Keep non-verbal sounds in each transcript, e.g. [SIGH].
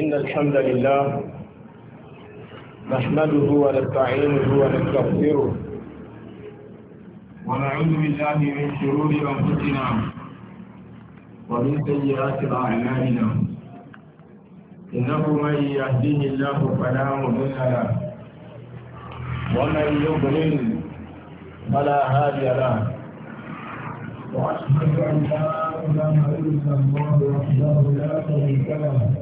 إن الحمد لله نحمده ونستعينه ونستغفره ونعوذ بالله من شرور أنفسنا ومن سيئات أعمالنا إنه من يهديه الله فلا مضل له ومن يضلل فلا هادي له وأشهد أن لا إله إلا الله وحده لا شريك له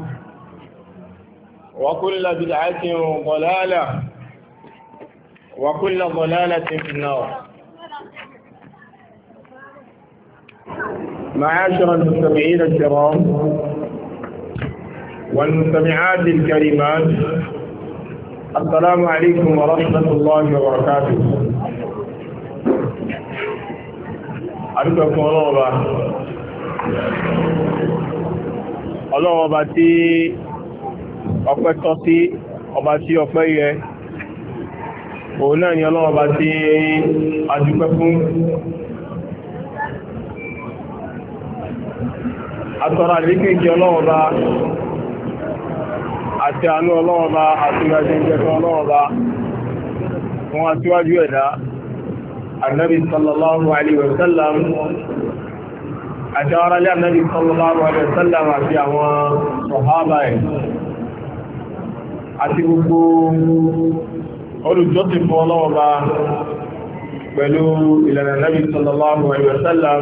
وكل بدعة ضلالة وكل ضلالة في النار معاشر المستمعين الكرام والمستمعات الكريمات السلام عليكم ورحمة الله وبركاته أرجوكم الله الله أبا ọpẹ́ tọ́ sí ọba tí ọpẹ́ yẹ òun náà ni ọlọ́wọ́ bá tí a dúpẹ́ fún àtọ́rà lékèjì ọlọ́wọ́ bá àti àánú ọlọ́wọ́ bá àti ìrìnàjò ọlọ́wọ́ bá wọn àtíwájú ẹ̀dá annabi sallallahu alaihi wasallam àti ọ̀rọ̀lẹ́ annabi sallallahu alaihi wasallam àti àwọn sọ̀hábà ẹ̀ àti gbogbo olùjọ́sìn fún ọlọ́ọ̀bá pẹ̀lú ìlànà Nabi sallallahu alaihi wasallam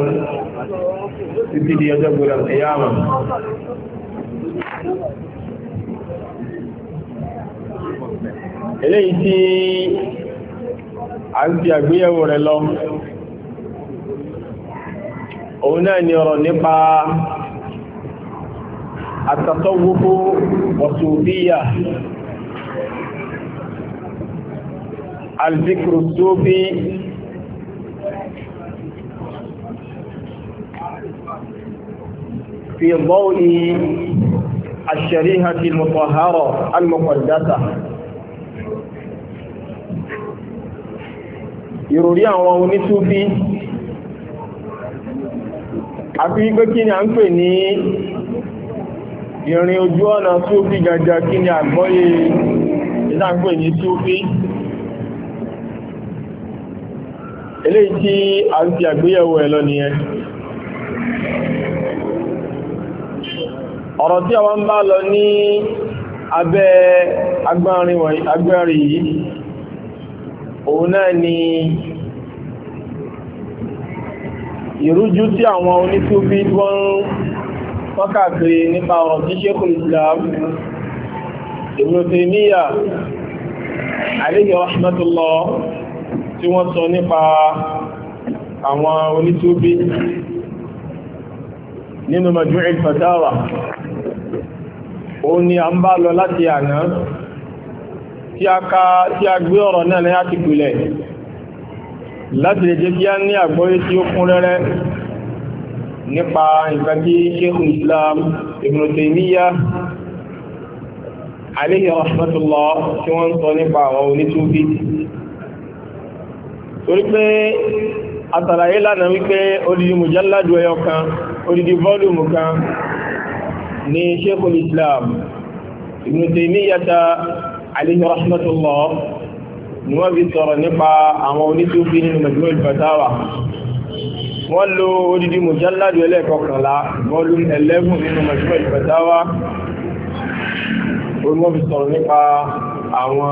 títí di ọjọ́ gbọ́dọ̀ ìyáàmà eléyìí tí a ń fi àgbéyẹ̀wò rẹ̀ lọ òun náà ni ọ̀rọ̀ nípa àtàtọ́wókó ọ̀sùn bíyà الذكر الصوفي في ضوء الشريحة المطهرة المقدسة ìròrí àwọn onítúbí àti wípé kí ni a ń pè ní ìrìn ojú ọ̀nà Súfí gàgà kí ni àgbọ́yé ìdáǹpè ní Súfí eléyìí tí a ń fi àgbéyẹ̀wò lọ nìyẹn ọ̀rọ̀ tí a wá ń bá lọ ní abẹ́ agbárin yìí òun náà ni ìrújú tí àwọn onísúfí wọ́n tọ́kàkiri nípa ọ̀rọ̀ tí Sheikhul Islam Ibn tí wọ́n sọ nípa àwọn onítúbí nínú Majmu'ul Fatawa òun ni a ń bá lọ láti àná tí a ká tí a gbé ọ̀rọ̀ náà ní àti pìlẹ̀ láti lè jẹ́ kí a ní àgbọ́yé tí ó kún rẹ́rẹ́ nípa nǹkan tí Sheikhul Islam Ibn Taymiyyah alayhi rahmatullah tí wọ́n ń sọ nípa àwọn onítúbí torí pé àtàlàyé lánàá wípé odidi mujalladu ẹyọ kan odidi volume kan ni sheikhul islam ibn taymiyata alayhi rahmatullah ni wọ́n fi sọ̀rọ̀ nípa àwọn onítúbí nínú majmu' al-fatawa wọ́n lo odidi mujalladu ẹlẹ́kọ̀ọ́kànlá volume 11 nínú majmu' al-fatawa orí wọ́n fi sọ̀rọ̀ nípa àwọn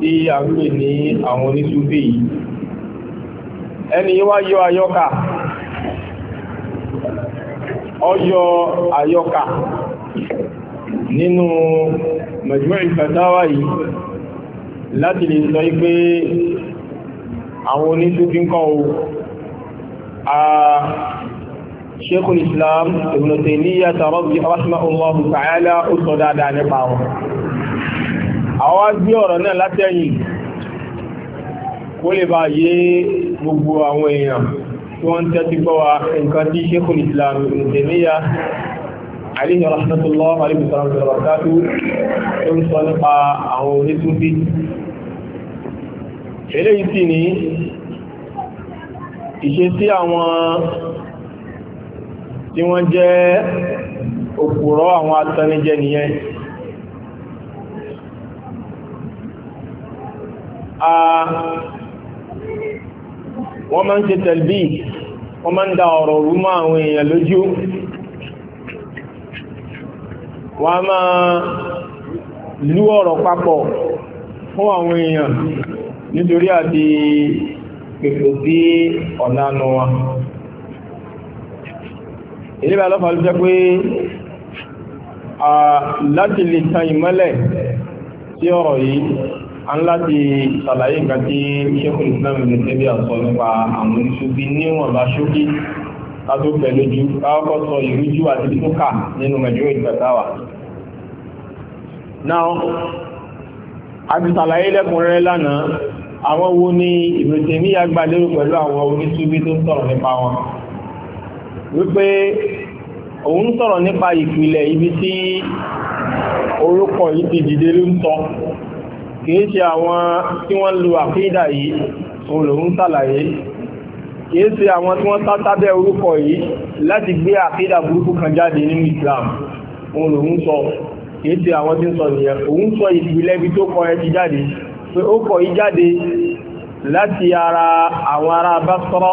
tí a ń pè ní àwọn onítúbí ẹni wá yọ àyọkà ọyọ àyọkà nínú majmu' al-fatawa yìí láti lè sọ pé àwọn oníṣúfí ń kọ́ o a Sheikhul Islam Ibn Taymiyyah rahimahullahu ta'ala ó sọ dáadáa nípa wọn àwọn gbé ọ̀rọ̀ náà látẹ́yìn kó lè bá yé gbogbo àwọn èèyàn tí wọ́n tẹ́tí gbọ́ wa nǹkan tí Sheikhul Islam Ibn Taymiyyah alayhi rahmatullah alayhi rahmatullah barakatu tó ń sọ nípa àwọn onítúbí eléyìí sì ní ìṣe sí àwọn tí wọ́n jẹ́ òpùrọ́ àwọn atanijẹ nìyẹn a wọ́n máa ń ṣe tẹ̀lbí wọ́n máa ń da ọ̀rọ̀ rú mọ́ àwọn èèyàn lójú wọ́n máa lú ọ̀rọ̀ papọ̀ fún àwọn èèyàn nítorí àti pèpè sí ọ̀nànà wa ìlébà lọ́fà ló jẹ́ pé láti lè tan ìmọ́lẹ̀ sí ọ̀rọ̀ yìí a ń láti ṣàlàyé nǹkan tí ṣékùn islam ní tẹ́bí àsọ nípa àwọn oníṣòbí níwọ̀n bá ṣókí kátó pẹ̀lú ju káwọ́kọ́ sọ ìrújú àti títúkà nínú mẹjọ ìgbàtàwà náà a ti ṣàlàyé lẹ́kùnrẹ́rẹ́ lánàá àwọn wo ni ìrètè ní agbálérò pẹ̀lú àwọn oníṣòbí tó sọ̀rọ̀ nípa wọn wípé òun sọ̀rọ̀ nípa ìpìlẹ̀ ibi tí orúkọ yìí ti dìde ló ń sọ kìí ṣe àwọn tí wọ́n lo àkídà yìí òun lòun sàlàyé kìí ṣe àwọn tí wọ́n sátábẹ́ orúkọ yìí láti gbé àkídà burúkú kan jáde nínú Islam òun lòun sọ kìí ṣe àwọn tí ń sọ nìyẹn òun sọ ìpìlẹ̀ ibi tó kọ ẹ ti jáde pé ó kọ yìí jáde láti ara àwọn ará Basra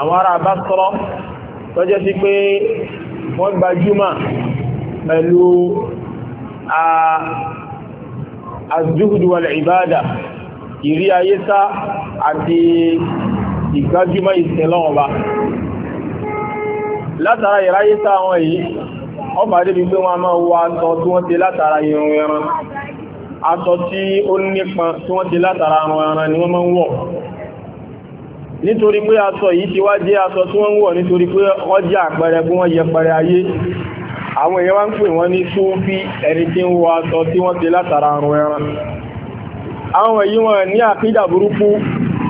àwọn ará Basra tó jẹ́ sí pé wọ́n gbajúmọ̀ pẹ̀lú az-zuhdu wal-ibada ìrí ayé sá àti ìgbájúmọ́ ìsẹ̀lọ́ọ̀ba látara ìráyé sá wọn yìí wọ́n bá débi pé wọ́n máa wọ aṣọ tí wọ́n ti látara irun ẹran aṣọ tí ó nípọn tí wọ́n ti látara irun ẹran ni wọ́n máa ń wọ̀ nítorí pé aṣọ yìí ti wá jẹ́ aṣọ tí wọ́n ń wọ̀ nítorí pé wọ́n jẹ́ àpẹẹrẹ bí wọ́n yẹpẹrẹ ayé àwọn èèyàn wá ń pè wọ́n ní sófí ẹni tí ń wọ aṣọ tí wọ́n ti látara àrùn ẹran àwọn èyí wọn ní àkídà burúkú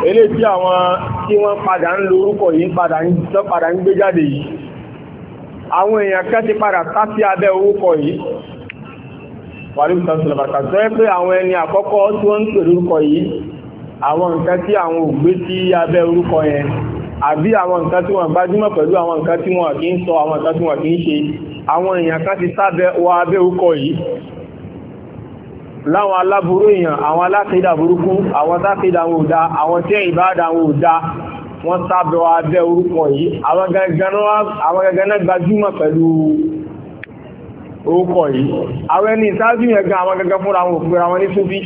eléyìí tí àwọn tí wọ́n padà ń lo orúkọ yìí padà ń gbé jáde yìí àwọn èèyàn kẹ́ ti padà ká sí abẹ́ orúkọ yìí wàlúù sọ́sọ́lọ́ bàtà tó yẹ pé àwọn ẹni àkọ́kọ́ tí wọ́n ń pè lórúkọ yìí àwọn nǹkan tí àwọn ò gbé sí abẹ́ orúkọ yẹn àbí àwọn nǹkan tí wọ́n gbájúmọ̀ pẹ̀lú àwọn nǹkan tí wọ́n kì àwọn èèyàn kan ti sábẹ́ wọ abẹ́ ukọ̀ yìí láwọn aláburú èèyàn àwọn alákìdà burúkú àwọn tákìdà wọn ò dá àwọn tí ìbáadà wọn ò dá wọ́n sábẹ́ wọ abẹ́ orúkọ yìí àwọn gangan náà gbajúmọ̀ pẹ̀lú orúkọ yìí àwọn ẹni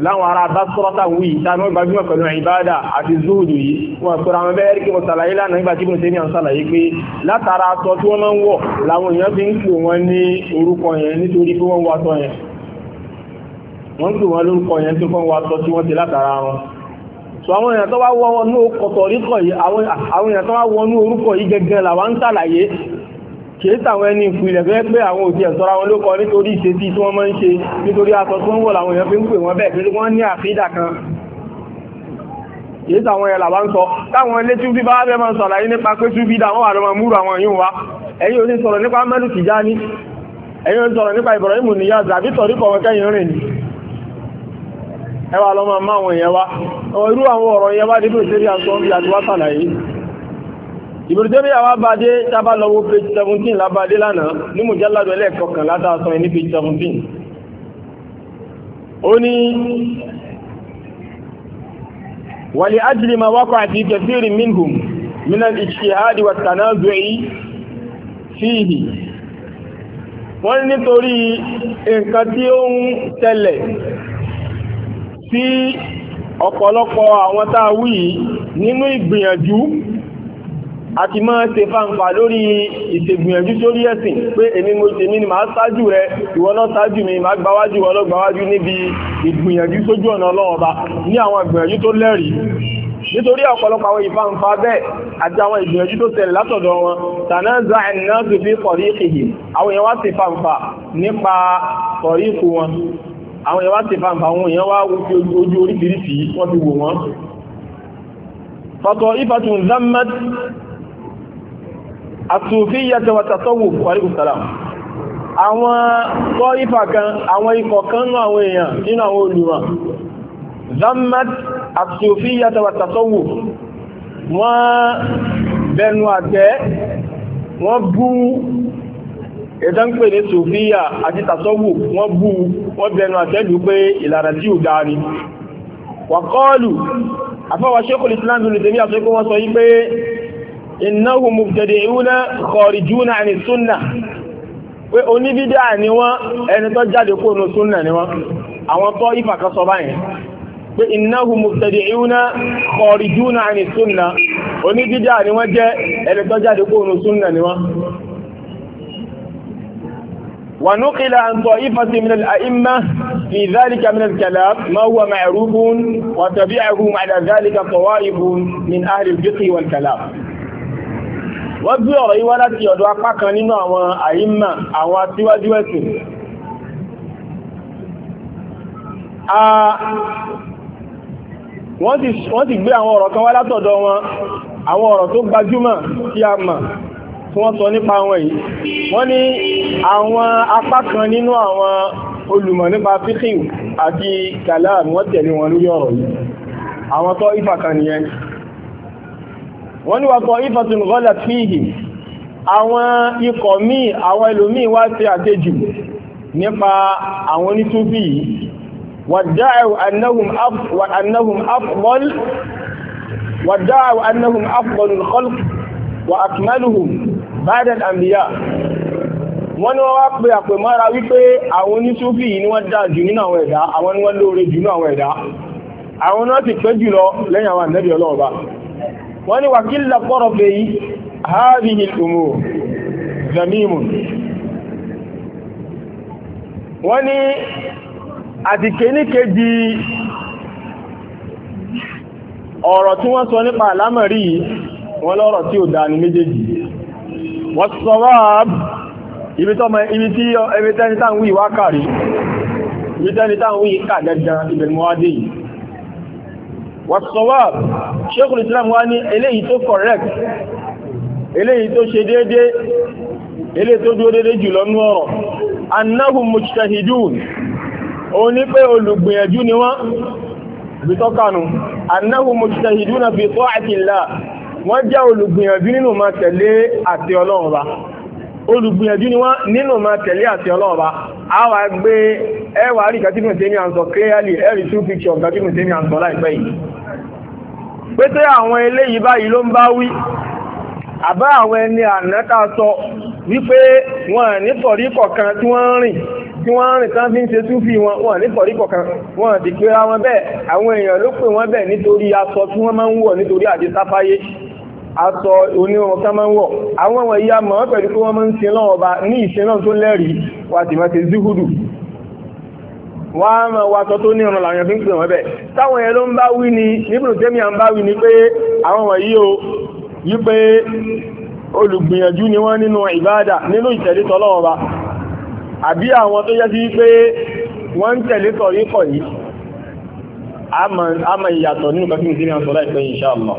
láwọn ará bá sọ́rọ́ta wí tánú gbajúmọ̀ pẹ̀lú ìbádà àti zúúdù yìí wọ́n pẹ̀lú àwọn bẹ́ẹ̀rí kí wọ́n sàlàyé lánàá nígbà tí mo ṣe ní àwọn sàlàyé pé látara aṣọ tí wọ́n máa ń wọ̀ láwọn èèyàn fi ń pè wọ́n ní orúkọ yẹn nítorí pé wọ́n wọ aṣọ yẹn wọ́n pè wọ́n lórúkọ yẹn tó fọ́n wọ aṣọ tí wọ́n ti látara wọn so àwọn èèyàn tó wá wọnú kọ̀tọ̀ríkọ̀ yìí àwọn èèyàn tó wá wọnú orúkọ yìí gẹ́gẹ́ làwọn ń sàlàyé kìí sàwọn ẹni ìfìlẹ̀ fẹ́ pé àwọn òfin ẹ̀sọ́ra wọn ló kọ nítorí ìṣesí tí wọ́n máa ń ṣe nítorí aṣọ tó ń wọ̀ làwọn èèyàn fi ń pè wọ́n bẹ́ẹ̀ pé wọ́n ní àfídà kan kìí sàwọn ẹ̀là bá ń sọ táwọn ilé túbí bá bẹ́ẹ̀ máa sọ̀rọ̀ ayé nípa pé túbí dà wọ́n wà lọ́mọ múrù àwọn yìí wá ẹ̀yin ò ní sọ̀rọ̀ nípa Ahmadu Tijani ẹ̀yin ò ní sọ̀rọ̀ nípa Ibrahim Niyaz àbí tọ̀rí kọ̀wọ́ kẹ́yìn rìn ni ẹwà lọ́mọ máwọn èèyàn ìbòrìtẹ́bí àwọn abáde tábà lọ́wọ́ page 17 lábáde lánàá ní mùjáládù ẹlẹ́ẹ̀kọ̀kan látàásọ ẹni page 17 ó ní wàlẹ̀ ajli ma wákọ̀ àti kẹfìrì minhum minal ijtihadi wa tanazu'i fihi wọ́n nítorí nǹkan tí ó ń tẹ̀lẹ̀ sí ọ̀pọ̀lọpọ̀ àwọn táwí nínú ìgbìyànjú àti mọ́ ṣe fáǹfà lórí ìṣègbìyànjú sórí ẹ̀sìn pé èmi mo ṣe mí ni màá ṣáájú rẹ ìwọ náà ṣáájú mi màá gbáwájú ìwọ náà gbáwájú níbi ìgbìyànjú sójú ọ̀nà Ọlọ́run Ọba ní àwọn ìgbìyànjú tó lẹ́rìí nítorí ọ̀pọ̀lọpọ̀ àwọn ìfàǹfà bẹ́ẹ̀ àti àwọn ìgbìyànjú tó tẹ̀lé látọ̀dọ̀ wọn tànà za ẹ̀nà tó fi kọ̀rí ìhì àwọn èèyàn wá ti fàǹfà nípa kọ̀rí ikú wọn àwọn èèyàn wá ti fàǹfà àwọn èèyàn wá ojú oríṣiríṣi wọ́n ti wò wọ́n fọ́tọ̀ ìfàtún zammat àtúfíyàtà wàtàtọ́wò wàríkùsàlám àwọn tọ́ífà kan àwọn ikọ̀ kan náà àwọn èèyàn nínú àwọn olùmọ̀ zammat àtúfíyàtà wàtàtọ́wò wọ́n bẹnu àtẹ́ wọ́n bú ìdánpè ní sòfíyà àti tàtọ́wò wọ́n bú wọ́n bẹnu àtẹ́ lù pé ìlànà tí ò dáa ni wàkọ́ọ̀lù àfọwà Sheikhul Islam Ibn Taymiyyah àtọ́kọ́ wọ́n sọ yí pé إنهم مبتدعون خارجون عن السنة وأني بدعني وأنا تجد يكون سنة أو طائفة كصبعين فإنهم مبتدعون خارجون عن السنة وأني بدعني وجاء أنا تجد يكون سنة ونقل عن طائفة من الأئمة في ذلك من الكلام ما هو معروف وتبعهم على ذلك طوائف من أهل الفقه والكلام wọ́n gbé ọ̀rọ̀ yìí wá láti ọ̀dọ̀ apá kan nínú àwọn àyíma àwọn atíwájú ẹ̀sìn wọ́n ti gbé àwọn ọ̀rọ̀ kan wá látọ̀dọ̀ wọn àwọn ọ̀rọ̀ tó gbajúmọ̀ tí a mọ̀ tí wọ́n sọ nípa wọn yìí wọ́n ní àwọn apá kan nínú àwọn olùmọ̀ nípa fíkíù àti kàláàmù wọ́n tẹ̀lé wọn lórí ọ̀rọ̀ yìí àwọn tó ìfà kan nìyẹn wọ́n ní wakọ̀ ifatun gọ́lá fíhì àwọn ikọ̀ míì àwọn ẹlòmíì wá sí àtẹ́jù nípa àwọn onítúfì yìí wàdáàwò annahum afdalul khalq wa akmaluhum ba'da al-anbiya wọ́n ní wọ́n wá pé àpè mọ́ra wípé àwọn onítúfì yìí ni wọ́n dáa jù nínú àwọn ẹ̀dá àwọn ni wọ́n lóore jù nínú àwọn ẹ̀dá àwọn náà ti pẹ́ jùlọ lẹ́yìn àwọn ànábì ọlọ́ọ̀bá wọ́n ni wàkílà pọ́rọ̀ fẹ́ yí hādhihi al-umūr zamimun wọ́n ni àti kéníkejì ọ̀rọ̀ tí wọ́n sọ nípa àlámọ̀rí wọ́n lọ́rọ̀ tí ò dáni méjèèjì wọ́n sawāb ibi ibi tí ẹbí tẹ́ni wá kàrí ibi tẹ́ni táwọn wí kà yìí wàsọ̀wà ṣékùn islam wá ní eléyìí tó correct eléyìí tó ṣe déédé eléyìí tó dúró déédé jùlọ ní ọ̀rọ̀ annahum mujtahidun o ní pé olùgbìyànjú ni wọ́n bí tọ́kànù annahum mujtahiduna fi ta'atillah wọ́n jẹ́ olùgbìyànjú nínú ma tẹ̀lé àti ọlọ́run olùgbìyànjú ni wọ́n nínú ma tẹ̀lé àti ọlọ́ọ̀bá a wà gbé ẹwà rí kàtínú tèmi à ń sọ clearly every two picture kàtínú tèmi à ń sọ láìpẹ́ yìí pété àwọn eléyìí báyìí ló ń bá wí àbá àwọn ẹni ànáta sọ wípé wọn ní tọ̀rí kọ̀kan tí wọ́n ń rìn tí wọ́n ń rìn tán fi ń ṣe túfì wọn wọn ní tọ̀rí kọ̀kan wọn ti pé àwọn bẹ́ẹ̀ àwọn èèyàn ló pè wọ́n bẹ́ẹ̀ nítorí aṣọ tí wọ́n máa ń wọ̀ nítorí àdésáfáyé aṣọ onírun ká máa ń wọ̀ àwọn ọmọ ìyá mọ̀ ọ́ pẹ̀lú pé wọ́n máa ń sin lọ́wọ́ ọba ní ìsin náà tó lẹ́rìí wà sì máa ti zíhùdù wọ́n á máa wọ aṣọ tó nírun làwọn èèyàn ni níbùdó tẹ́mi à ń bá wí ni pé àwọn wọ̀nyí o yí pé olùgbìyànjú ni wọ́n nínú ìbáadà nínú ìtẹ̀lé tọ́lọ́wọ́ ọba àbí àwọn tó yẹ́ sí pé wọ́n ń tẹ̀lé tọ̀rí kọ̀ yìí a mọ̀ ìyàtọ̀ nínú kẹfí ìsinmi àtọ́lá ìpẹ́ insha Allah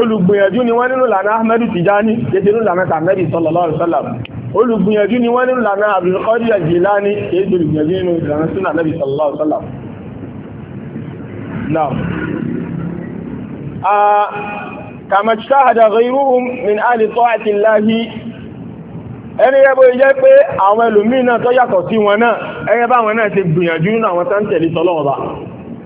olùgbìyànjú ni wọ́n nínú lànà ahmedu tijani kéde nínú lànà tàmẹ́dì sallallahu alaihi wasallam olùgbìyànjú ni wọ́n nínú lànà abdul qadir al-jilani kéde olùgbìyànjú nínú lànà sunna nabi sallallahu alaihi wasallam now kama ijtahada ghayruhum min ahli ta'ati llahi ẹni yẹ bó jẹ́ pé àwọn ẹlòmíì náà tó yàtọ̀ sí wọn náà ẹgbẹ́ báwọn náà ti gbìyànjú nínú àwọn tó tẹ̀lé sọlọ́ọ̀ba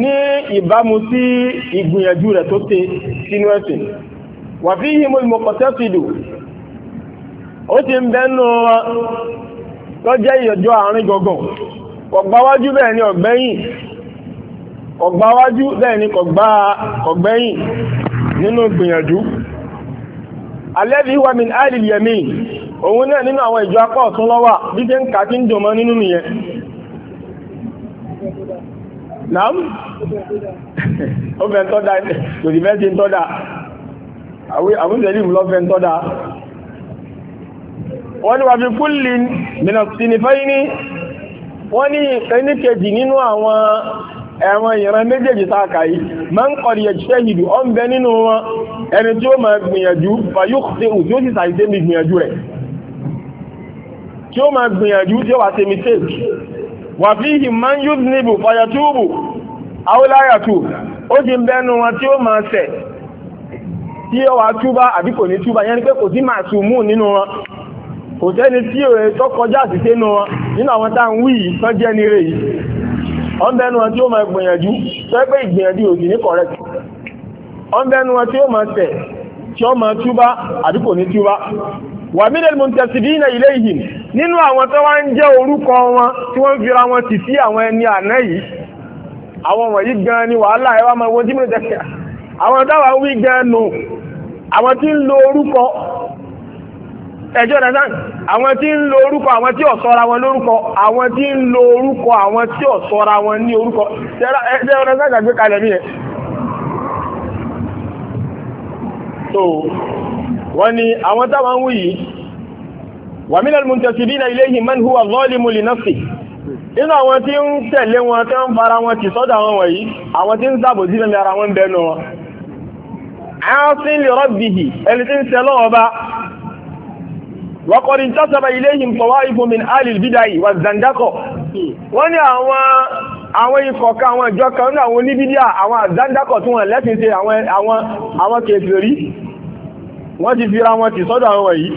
ní ìbámu sí ìgbìyànjú rẹ̀ tó te sínú ẹ̀sìn wà fi yí múlùmọ̀ kọ̀tẹ́fìdù ó ti ń bẹ́nu wa tó jẹ́ ìyọjọ́ àárín gọ̀gàn kọ̀gbáwájú bẹ́ẹ̀ ni ọ̀gbẹ́yìn kọ̀gbáwájú bẹ́ẹ̀ ni kọ̀gbẹ́yìn nínú ìgbìyànjú alẹ́bí wà mí alìlẹ̀mí òun náà nínú àwọn ìjọ apá ọ̀tún lọ́wà bí ṣe ń kà tí ń dùn mọ́ nínú nìyẹn náà ó fẹ́ tọ́dá kò sì fẹ́ ti ń tọ́dá àwúzẹ̀lì lọ́fẹ́ ń tọ́dá wọ́n ni wà fi kúlì mìnà sinifẹ́ ní wọ́n ní ẹnikẹ́jì nínú àwọn ẹ̀wọ̀n ìran méjèèjì sáàkà yìí ma ń kọ̀rì ẹ̀ṣẹ́ ìdù ọ́n bẹ nínú wọn ẹni tí ó ma gbìyànjú fàyókùsí tí ó sì sàìsẹ́ mi gbìyànjú rẹ̀ tí ó ma gbìyànjú tí ó wà ṣe mistake wàfíhì man a níbù fàyàtúbù àwòláyàtù ó ti bẹnu wọn tí ó máa ṣẹ̀ tí ó wà túbá àbí kò ní túbá yẹn ni pé kò sí máa nínú wọn kò sẹ́ni tí ò rẹ̀ tó kọjá àṣìṣe nínú wọn nínú àwọn tá ń wí yìí tán jẹ́ ní rẹ̀ yìí wọ́n bẹnu wọn tí pé ìgbìyànjú ní wọn tí ó máa tí ó máa túbá àbí kò ní túbá wà mílẹ̀ mọ̀tẹ́sìbìnà iléyìn nínú àwọn tó wá ń jẹ́ orúkọ wọn tí wọ́n fira wọn ti sí àwọn ẹni àná yìí àwọn wọ̀nyí gan ni wàhálà ẹwà máa wọ́n tí mọ̀ tẹ́sì àwọn táwa wí gan nù àwọn tí ń lo orúkọ ẹjọ́ dandan àwọn tí ń lo orúkọ àwọn tí ò sọra wọn lórúkọ àwọn tí ń lo orúkọ àwọn tí ò sọra wọn ní orúkọ ẹjọ́ dandan gbàgbé kalẹ̀ mí yẹn wọ́n ní àwọn táwọn ń wù yìí wa minal muntasibina ilayhi man huwa zalimun li nafsihi nínú àwọn tí ń tẹ̀lé wọn tó ń fara wọn ti sọ́dọ̀ àwọn wọ̀nyí àwọn tí ń sábò sí lẹ́mí ara wọn bẹnu wọn aasin li rabbihi ẹni tí ń sẹ lọ́wọ́ bá wa qad intasaba ilayhim tawaifun min alil bidai wa zandako wọ́n ní àwọn ikọ̀ kan àwọn ìjọ kan ní àwọn oníbídíà àwọn zandako tí wọ́n lẹ́sìn sí àwọn kèfèrí wọ́n ti fira wọn ti sọ́dọ̀ àwọn yìí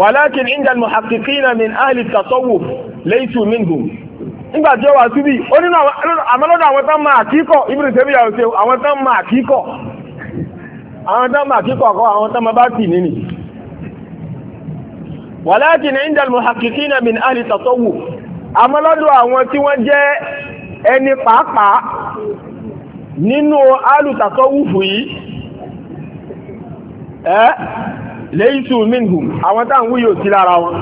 walakin inda al-muhaqqiqina min ahli at-tasawwuf laysu minhum nígbà ó wà síbí ó nínú àmọ́lọ́dọ̀ àwọn tán máa kíkọ̀ ibùdó tẹ́bí àwọn tán máa kíkọ̀ àwọn tán máa kíkọ̀ kọ́ àwọn tán máa bá tì nínú walakin inda al-muhaqqiqina min ahli at-tasawwuf àmọ́lọ́dọ̀ àwọn tí wọ́n jẹ́ ẹni pàápàá ẹ́ lẹ́yìntù minhum àwọn táwọn wúyò sí lára wọn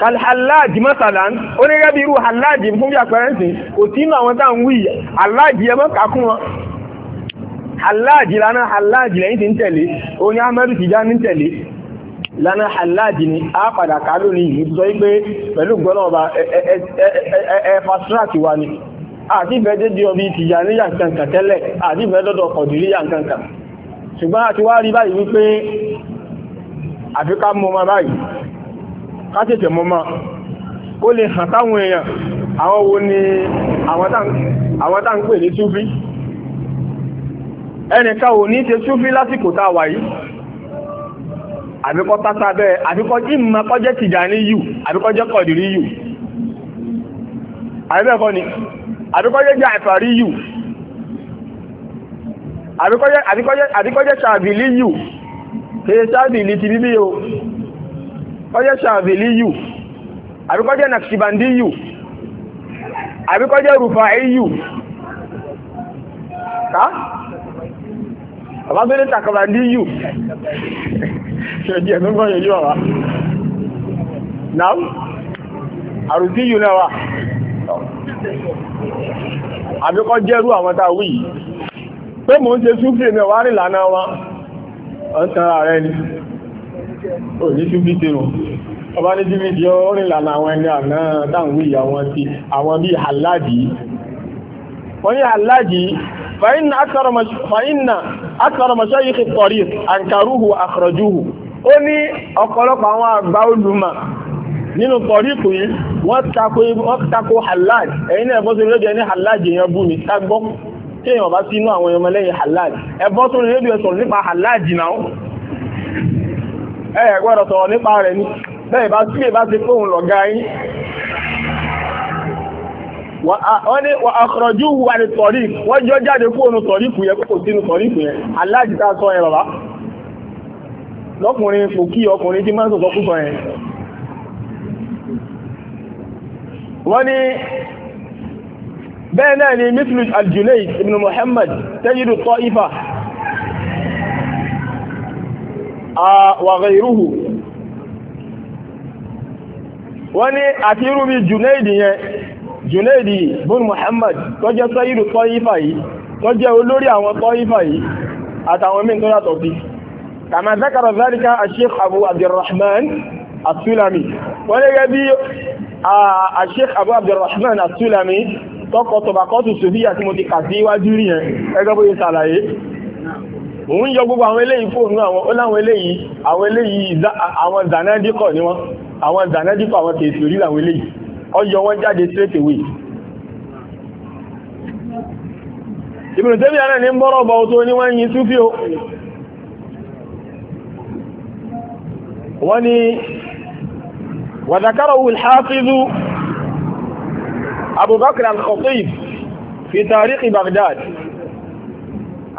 kalhallaj masalan onígẹ́bí irú hallaj fún bí àpẹẹrẹ kò tí inú àwọn táwọn wí hallaj ẹ wọn lẹ́yìn tí ń tẹ̀lé o ní ahmadu Tijani tẹ̀lé lánà ni a padà ká lónìí yìí sọ pé pẹ̀lú ni ṣùgbọ́n àti wá rí báyìí wípé àfikà mọ́mọ́ báyìí kátẹ̀tẹ̀ mọ́mọ́ kó lè hàn táwọn èèyàn àwọn wo ni àwọn tá ń pè ní súfí ẹnìkan ò ní ṣe súfí lásìkò tá wà yìí àbíkọ́ tátà bẹ́ẹ̀ àbíkọ́ jí mọ́ kọjẹ́ Tìjàní yù àbíkọ́ jẹ́ Kọ̀dìrí yù àbíkọ́ jẹ́ Jàfàrí yù àbíkọ́jẹ́ ṣàbìlì yù kìí ṣàbìlì ti bíbí o kọjẹ́ ṣàbìlì yù àbíkọ́jẹ́ nàkṣìbàndì yù àbíkọ́jẹ́ rùfà yù ká àbábẹ́lé tàkàbàndì yù ṣẹ̀dí ẹ̀mí gbọ́n yẹjú ọ̀wá náà àrùtí yù náà wà àbíkọ́jẹ́rú àwọn táwí yìí pé mò ń ṣe ṣúfì mi ọ̀wá rí lànà wọn ọ̀ntara rẹ̀ ni ò ní ṣúfì tí rò ọba ní jíbi jẹ́ orin lànà àwọn ẹni àná táwọn ìyà wọn ti àwọn bí aláàjì wọ́n ní aláàjì fàínà akọrọmọṣẹ́ yìí kọ̀rí àǹkarúhù àkọrọjúhù ó ní ọ̀pọ̀lọpọ̀ àwọn àgbà olùmọ̀ nínú tọ̀ríkù yìí wọ́n tako aláàjì ẹ̀yìn ẹ̀bọ́sí lóde ní aláàjì yẹn bú ni tágbọ́ tí èèyàn bá sí inú àwọn ọmọ lẹ́yìn halal ẹbọ́ tó rí rédíò sọ̀rọ̀ nípa halal jìnà ẹ̀ gbọ́dọ̀ sọ̀rọ̀ nípa rẹ̀ ní bẹ́ẹ̀ bá sílé bá ti fóun lọ̀gá yín wọ́n ní ọ̀rọ̀jú wà ní tọ̀rí wọ́n jọ jáde fóònù tọ̀rí fún yẹn kò sínú tọ̀rí fún yẹn aláàjìká sọ yẹn bàbá lọ́kùnrin kò kí ọkùnrin tí máa ń sọ̀sọ́ kúsọ yẹn wọ́n ní bẹ́ẹ̀ náà ni mislu aljunaid ibn muhammad tajidu ta'ifa wa ghayruhu wọ́n ní àti irú bí junaid yẹn junaid ibn muhammad tó jẹ́ tajidu ta'ifa yìí tó jẹ́ olórí àwọn ta'ifa yìí àtàwọn mí tó látọ̀ sí kama zakara zalika al-sheikh abu abdurrahman as-sulami wọ́n gẹ́gẹ́ bí al-sheikh abu abdurrahman as-sulami tọkọtọba tọ̀bàkọ́tù sòfíyà tí mo ti kà sí iwájú rí yẹn ẹgbẹ́ bóyá ṣàlàyé òun yọ gbogbo àwọn eléyìí fóònù àwọn oláwọn eléyìí àwọn eléyìí àwọn zanadikọ̀ ni wọ́n àwọn zanadikọ̀ àwọn tèèsì orí làwọn eléyìí ọyọ wọn jáde straight away ìbìnrin tẹ́bí ara ní wọ́n o wọ́n ni wàdàkárọ̀ wùl hafizu أبو بكر الخطيب في تاريخ بغداد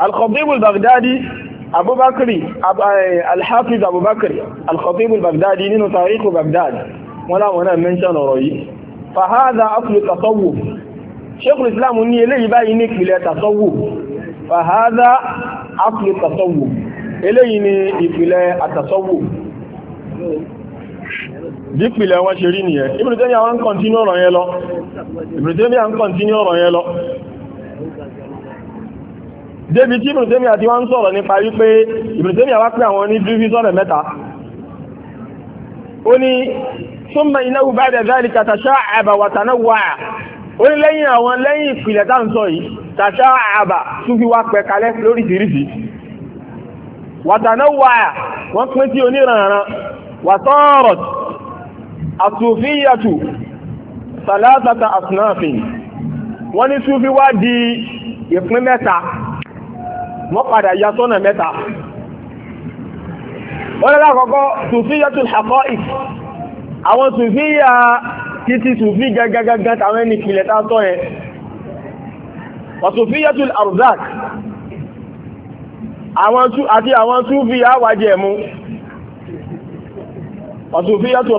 الخطيب البغدادي أبو بكر أب... الحافظ أبو بكر الخطيب البغدادي من تاريخ بغداد ولا هنا منشأ رأيي فهذا أصل التصوف شيخ الإسلام ní eléyìí báyìí ní ìpìlẹ̀ tasawuf فهذا أصل التصوف eléyìí ní ìpìlẹ̀ التصوف dípìlẹ̀ wọn ṣe rí nìyẹn Ibn Taymiyyah àwọn ń kọ̀ntínú ọ̀rọ̀ yẹn lọ Ibn Taymiyyah àwọn ń kọ̀ntínú ọ̀rọ̀ yẹn lọ débi tí Ibn Taymiyyah àti wọ́n ń sọ̀rọ̀ nípa wípé Ibn Taymiyyah pé àwọn ní dífísọ̀rẹ̀ mẹ́ta ó ní thumma innahu ba'da dhalika tasha'aba wa tanawwa'a ó ní lẹ́yìn àwọn lẹ́yìn ìpìlẹ̀ tá ń sọ yìí tasha'aba tún fi wa tanawwa'a wọ́n pín sí oníranran wa àtúfíyàtù sàlátàtà àtúnáàfin wọ́n ní súfí wá di ìpín mẹ́ta wọ́n padà ya sọ́nà mẹ́ta wọ́n lọ́la kọ́kọ́ súfíyàtù àkọ́ ìk àwọn súfíyà títí súfí gagagaga tàwọn ẹni ìpìlẹ̀ tá sọ wọ́n súfíyàtù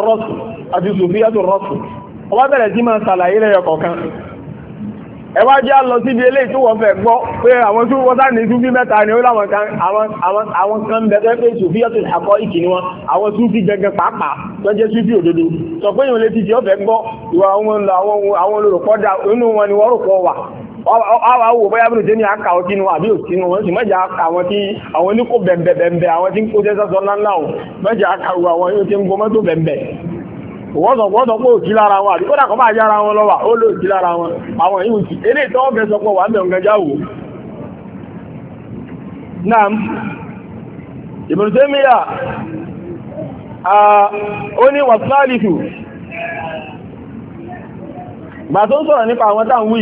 rọ́sùn àti sòfíyàtò rọ́sù ọwá bẹ̀rẹ̀ tí máa sàlàyé lẹ́yọ kọ̀ọ̀kan ẹwà jẹ́ lọ síbi eléyìí tó wọ́n fẹ́ gbọ́ pé àwọn tó wọ́n sáà ní súnfí mẹ́ta ni ó láwọn kan àwọn kan bẹ̀rẹ̀ pé sòfíyàtò àkọ́ ìkì ni wọn àwọn súnfí gẹ́gẹ́ pàápàá tó jẹ́ súnfí òdodo sọ pé ìwọ̀n létí tí ó fẹ́ gbọ́ ìwà àwọn olùrùkọ́ dá inú wọn ni wọ́n rùkọ́ wà àwọn wo bóyá bínú jẹ́ni àkà ọtí inú àbí òtí inú wọ́n sì mẹ́jẹ àkà àwọn tí àwọn oníkó bẹ̀m̀bẹ̀ bẹ̀m̀bẹ̀ àwọn tí ń kó jẹ́sọ́sọ́ ńláńlá ò mẹ́jẹ àkà àwọn yóò tí ń gbọmọ́ tó bẹ̀m̀bẹ̀ wọ́n pọ̀ òjí lára wọn àti kódà kọ́ máa yára wọn lọ́wà ó lè òjí lára wọn àwọn ìwò tí ilé ìtọ́wọ́ fẹ́ sọpọ̀ wà mẹ́rin gẹjá wò náà Ibn Taymiyyah ó ní wàtálìfù bà tó ń sọ̀rọ̀ nípa àwọn táwọn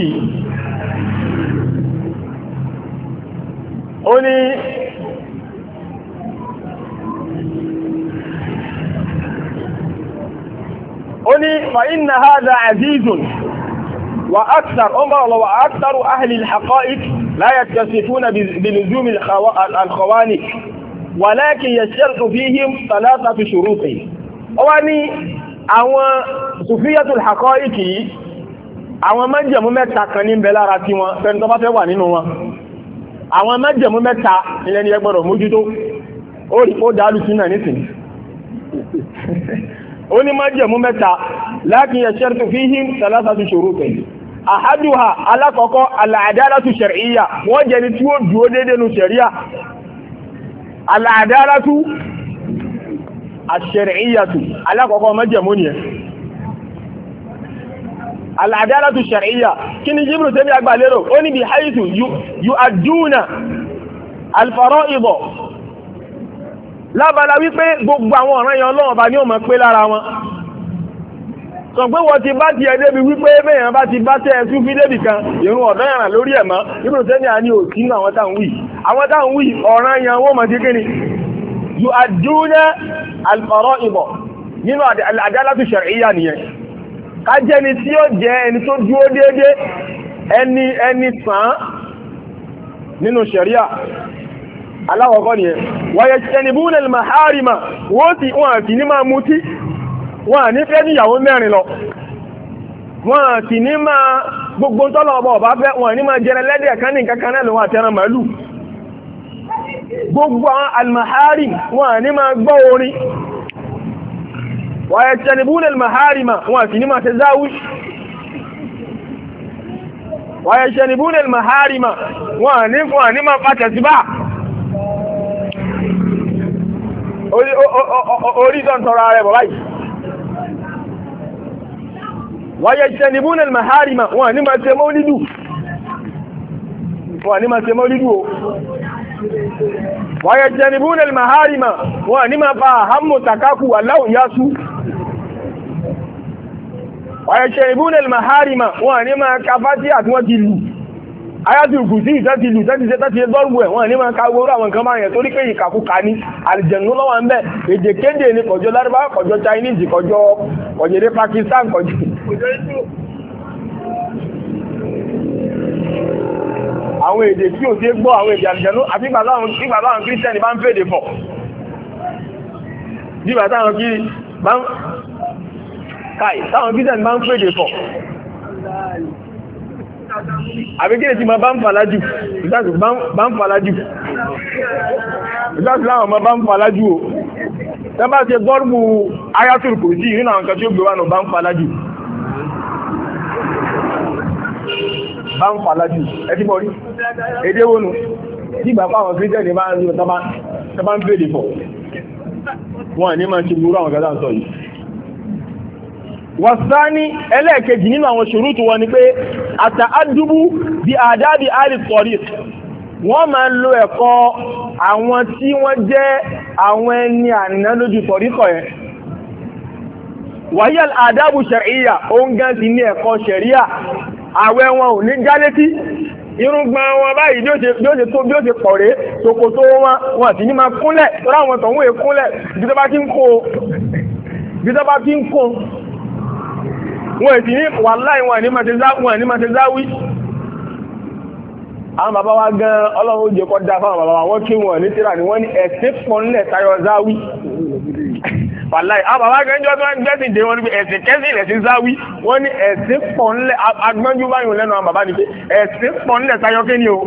ó ní fa inna hadha azizun wa akthar umar lọ wa akthar ahli al-haqa'iq la yattasifuna bi luzum al-khawani walakin yashtartu fihim thalathatu shurutin ó wá ní àwọn sufiyatul haqa'iq yìí àwọn májẹ̀mú mẹ́ta kan ní bẹ lára tí wọn fẹ́ni tó bá fẹ́ wà nínú wọn àwọn májẹ̀mú mẹ́ta ilẹ̀ ni ẹgbọ́dọ̀ mójútó ó rí ó dálù sínà ó ní májẹ̀mú mẹ́ta lákin yẹ ṣẹ́rìtù fíhìm sàlásàtù ṣòro pẹ̀lú àhádùhà alákọ̀ọ́kọ́ aláàdálátù ṣẹ̀ríyà wọ́n jẹ́ ni tí ó dúó dédé nu ṣẹ̀ríyà aláàdálátù àṣẹ̀ríyàtù alákọ̀ọ́kọ́ májẹ̀mú ni aláàdálátù ṣẹ̀ríyà kí ni jíbrù tẹ́bí agbà lérò ó níbi haitu yu adúna alfarọ́ ìbọ̀ lábala wípé gbogbo àwọn ọ̀ràn yẹn ọlọ́run ọba ni ó mọ̀ pé lára wọn sọ pé wọ́n ti bá tiẹ̀ débi wípé mẹ́yàn bá ti bá tẹ́ ẹ súnfí débi kan ìrún ọ̀dọ́ lórí ẹ̀ mọ́ ibùdó àní òsì nínú àwọn táwọn wì àwọn táwọn wì ọ̀ràn yẹn wọ́n mọ̀ sí kíni yóò àdúnyẹ́ ọ̀rọ̀ ìbọ̀ nínú àdálátù ṣàríyà nìyẹn ká jẹ́ ni tí ó jẹ́ ẹni tó dúró déédéé ẹni ẹni sàn nínú ṣàríyà aláwọ̀kọ́ ni ẹ wáyé tẹnibúnà maharima wọ́n ti wọ́n àti ní máa mutí wọ́n à ní fẹ́ níyàwó mẹ́rin lọ wọ́n àti ní máa gbogbo tọ́lọ̀ ọba ọba fẹ́ wọ́n ní máa jẹrẹ lẹ́dẹ̀ kan kankan náà lọ́wọ́ wọ́n àti ní máa orísàn tọrọ ààrẹ bọ̀ báyìí wáyé ṣẹnibúnà maharima wọn ní máa ṣe mọ́lídù wọn ní máa ṣe mọ́lídù o wáyé ṣẹnibúnà maharima wọn ní máa fa àhámù takaku aláwọ̀ yású wáyé ṣẹnibúnà maharima wọn ní máa kafá sí àtúwọ́n ti lù ayájú ìgùsí ìtẹ́tì ìlú tẹ́tì ṣe tẹ́tì lọ́rùn ẹ̀ wọ́n ní máa ń ka gbogbo àwọn nǹkan máa yẹn torí pé ìkàkùkà ni àlìjẹ̀nù lọ́wọ́ ń bẹ̀ èdè kéde ni kọjọ lárúbá kọjọ Chinese kọjọ kọjẹdẹ Pakistan kọjọ. àwọn èdè tí ò sí gbọ́ àwọn èdè àlìjẹ̀nù àti ìgbà táwọn kírísítẹ́nì bá ń fèdè fọ̀ nígbà táwọn kí bá ń káì táwọn kírísítẹ́nì bá ń fèdè fọ̀ àbí kí èsì máa bá ń fàlájù ìsáàsì bá ń fàlájù ìsáàsì láwọn máa bá ń fàlájù o tẹ́bá ṣe gọ́ọ̀rùmù ayatul kursi nínú àwọn kan tí ó gbé wà nù bá ń fàlájù bá ń fàlájù ẹtí bọ́ rí èdè wo nu tí ìgbà fáwọn kírísítẹ́nì máa ń lò tọ́bá ń fèdè fọ̀ wọn ní máa ń ṣe gbúrú àwọn kẹta sọ yìí wàsáni ẹlẹ́ẹ̀kejì nínú àwọn ṣòrútù wọn ni pé àtàádúbú di àdádi àìsọ̀rí wọ́n máa lo ẹ̀kọ́ àwọn tí wọ́n jẹ́ àwọn ẹni àná lójú tọ̀ríkọ̀ ẹ̀ wàyẹ̀l àdábù ṣẹ̀ríyà òun gan ti ní ẹ̀kọ́ ṣẹ̀ríyà àwẹ̀ wọn ò ní jálétí irúgbọ́n wọn báyìí bí ó ṣe bí ó ṣe tó bí ó ṣe wọn wọn sì ní máa kúnlẹ̀ tó láwọn tọ̀hún èkúnlẹ̀ bí tó bá ti ń kó wọ́n èdì ní wàláì wọn ní matizáwí àwọn bàbá wa gan ọlọ́run jẹ́ kọ́ dá fáwọn bàbá wọn kí wọn ní tíra ni wọ́n ní ẹ̀sìn pọ̀nlẹ̀ tayọ záwí wàláì àwọn bàbá gan jọ́ tó ń gbẹ́sìn dé wọn ní ẹ̀sìn kẹ́sìn ẹ̀sìn záwí wọ́n ní ẹ̀sìn pọ̀nlẹ̀ agbọ́njú báyìí lẹ́nu àwọn bàbá ni pé ẹ̀sìn pọ̀nlẹ̀ tayọ kí ni o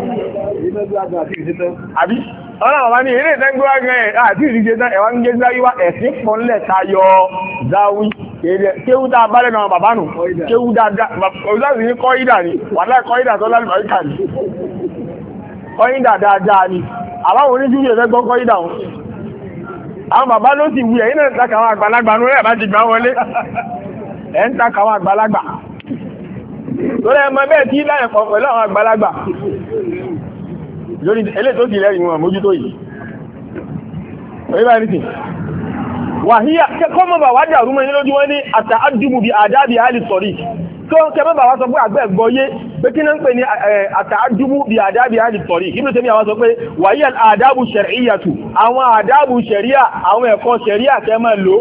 àbí ọlọ́run bàbá ní eré ìtẹ́gbẹ́wá gan ẹ̀ àti ìdíje tán ẹ̀wá ń gé záwí wá ẹ̀sìn pọ̀nlẹ̀ tayọ záwí kéwú tá a bá lẹ́nu àwọn bàbá nù kéwú dáadáa ọ̀rọ̀láàrí ní kọ́ídà ni wà láì kọ́ídà tó lálẹ́ bàríkà ni kọ́ídà dáadáa ni àbáwọn oníjúwì ẹ̀fẹ́ gbọ́ kọ́ídà wọn àwọn bàbá ló sì wù ẹ̀yìn náà takà àwọn àgbàlagbà ní ẹ̀bá ti gbà wọlé ẹ̀ ń takà àgbàlagbà wàhíyà kọ́mọ̀ bà wá dàrú mọ́ nílójú wọ́n ní àtà àdúgbù bí àdábì àìlì sọ̀rí tó kẹmọ́ bà wá sọ pé àgbẹ̀ gbọ́yé pé kí náà ń pè ní àtà àdúgbù bí àdábì àìlì sọ̀rí inú tẹ́mi àwọn sọ pé wàhíyà àdábù ṣẹ̀ríyà tù àwọn àdábù ṣẹ̀ríyà àwọn ẹ̀kọ́ ṣẹ̀ríyà tẹ́ máa lò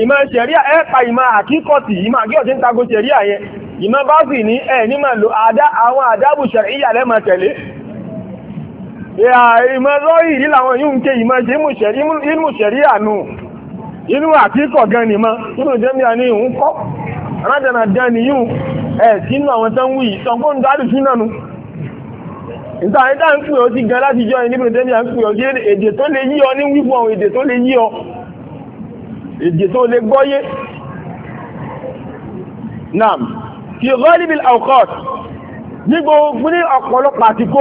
ìmọ̀ ṣẹ̀ríyà ẹ̀ pa ìmọ̀ àkíkọ̀tì ìmọ̀ àkíkọ̀tì ń tago ṣẹ̀ríyà yẹn ìmọ̀ bá sì ní ẹ̀ nímọ̀ lò àwọn àdábù ṣẹ̀ríyà lẹ́mọ̀ tẹ̀lé ìmọ̀ lọ́rí ìrí làwọn yíò ń ké ìmọ̀ ṣe inú ṣẹ̀rí àánú inú àkíkọ̀ gan ni mọ́ inú jẹ́mí àní ìhún kọ́ rájẹ̀nà jẹ́ ni yíò ẹ̀ sí inú àwọn tán wùyí tọ́kó ń dárì sí nánu ìtàrídà ń pè ó ti gan láti jọ ìníbi jẹ́mí à ń pè ó sí èdè tó lè ọ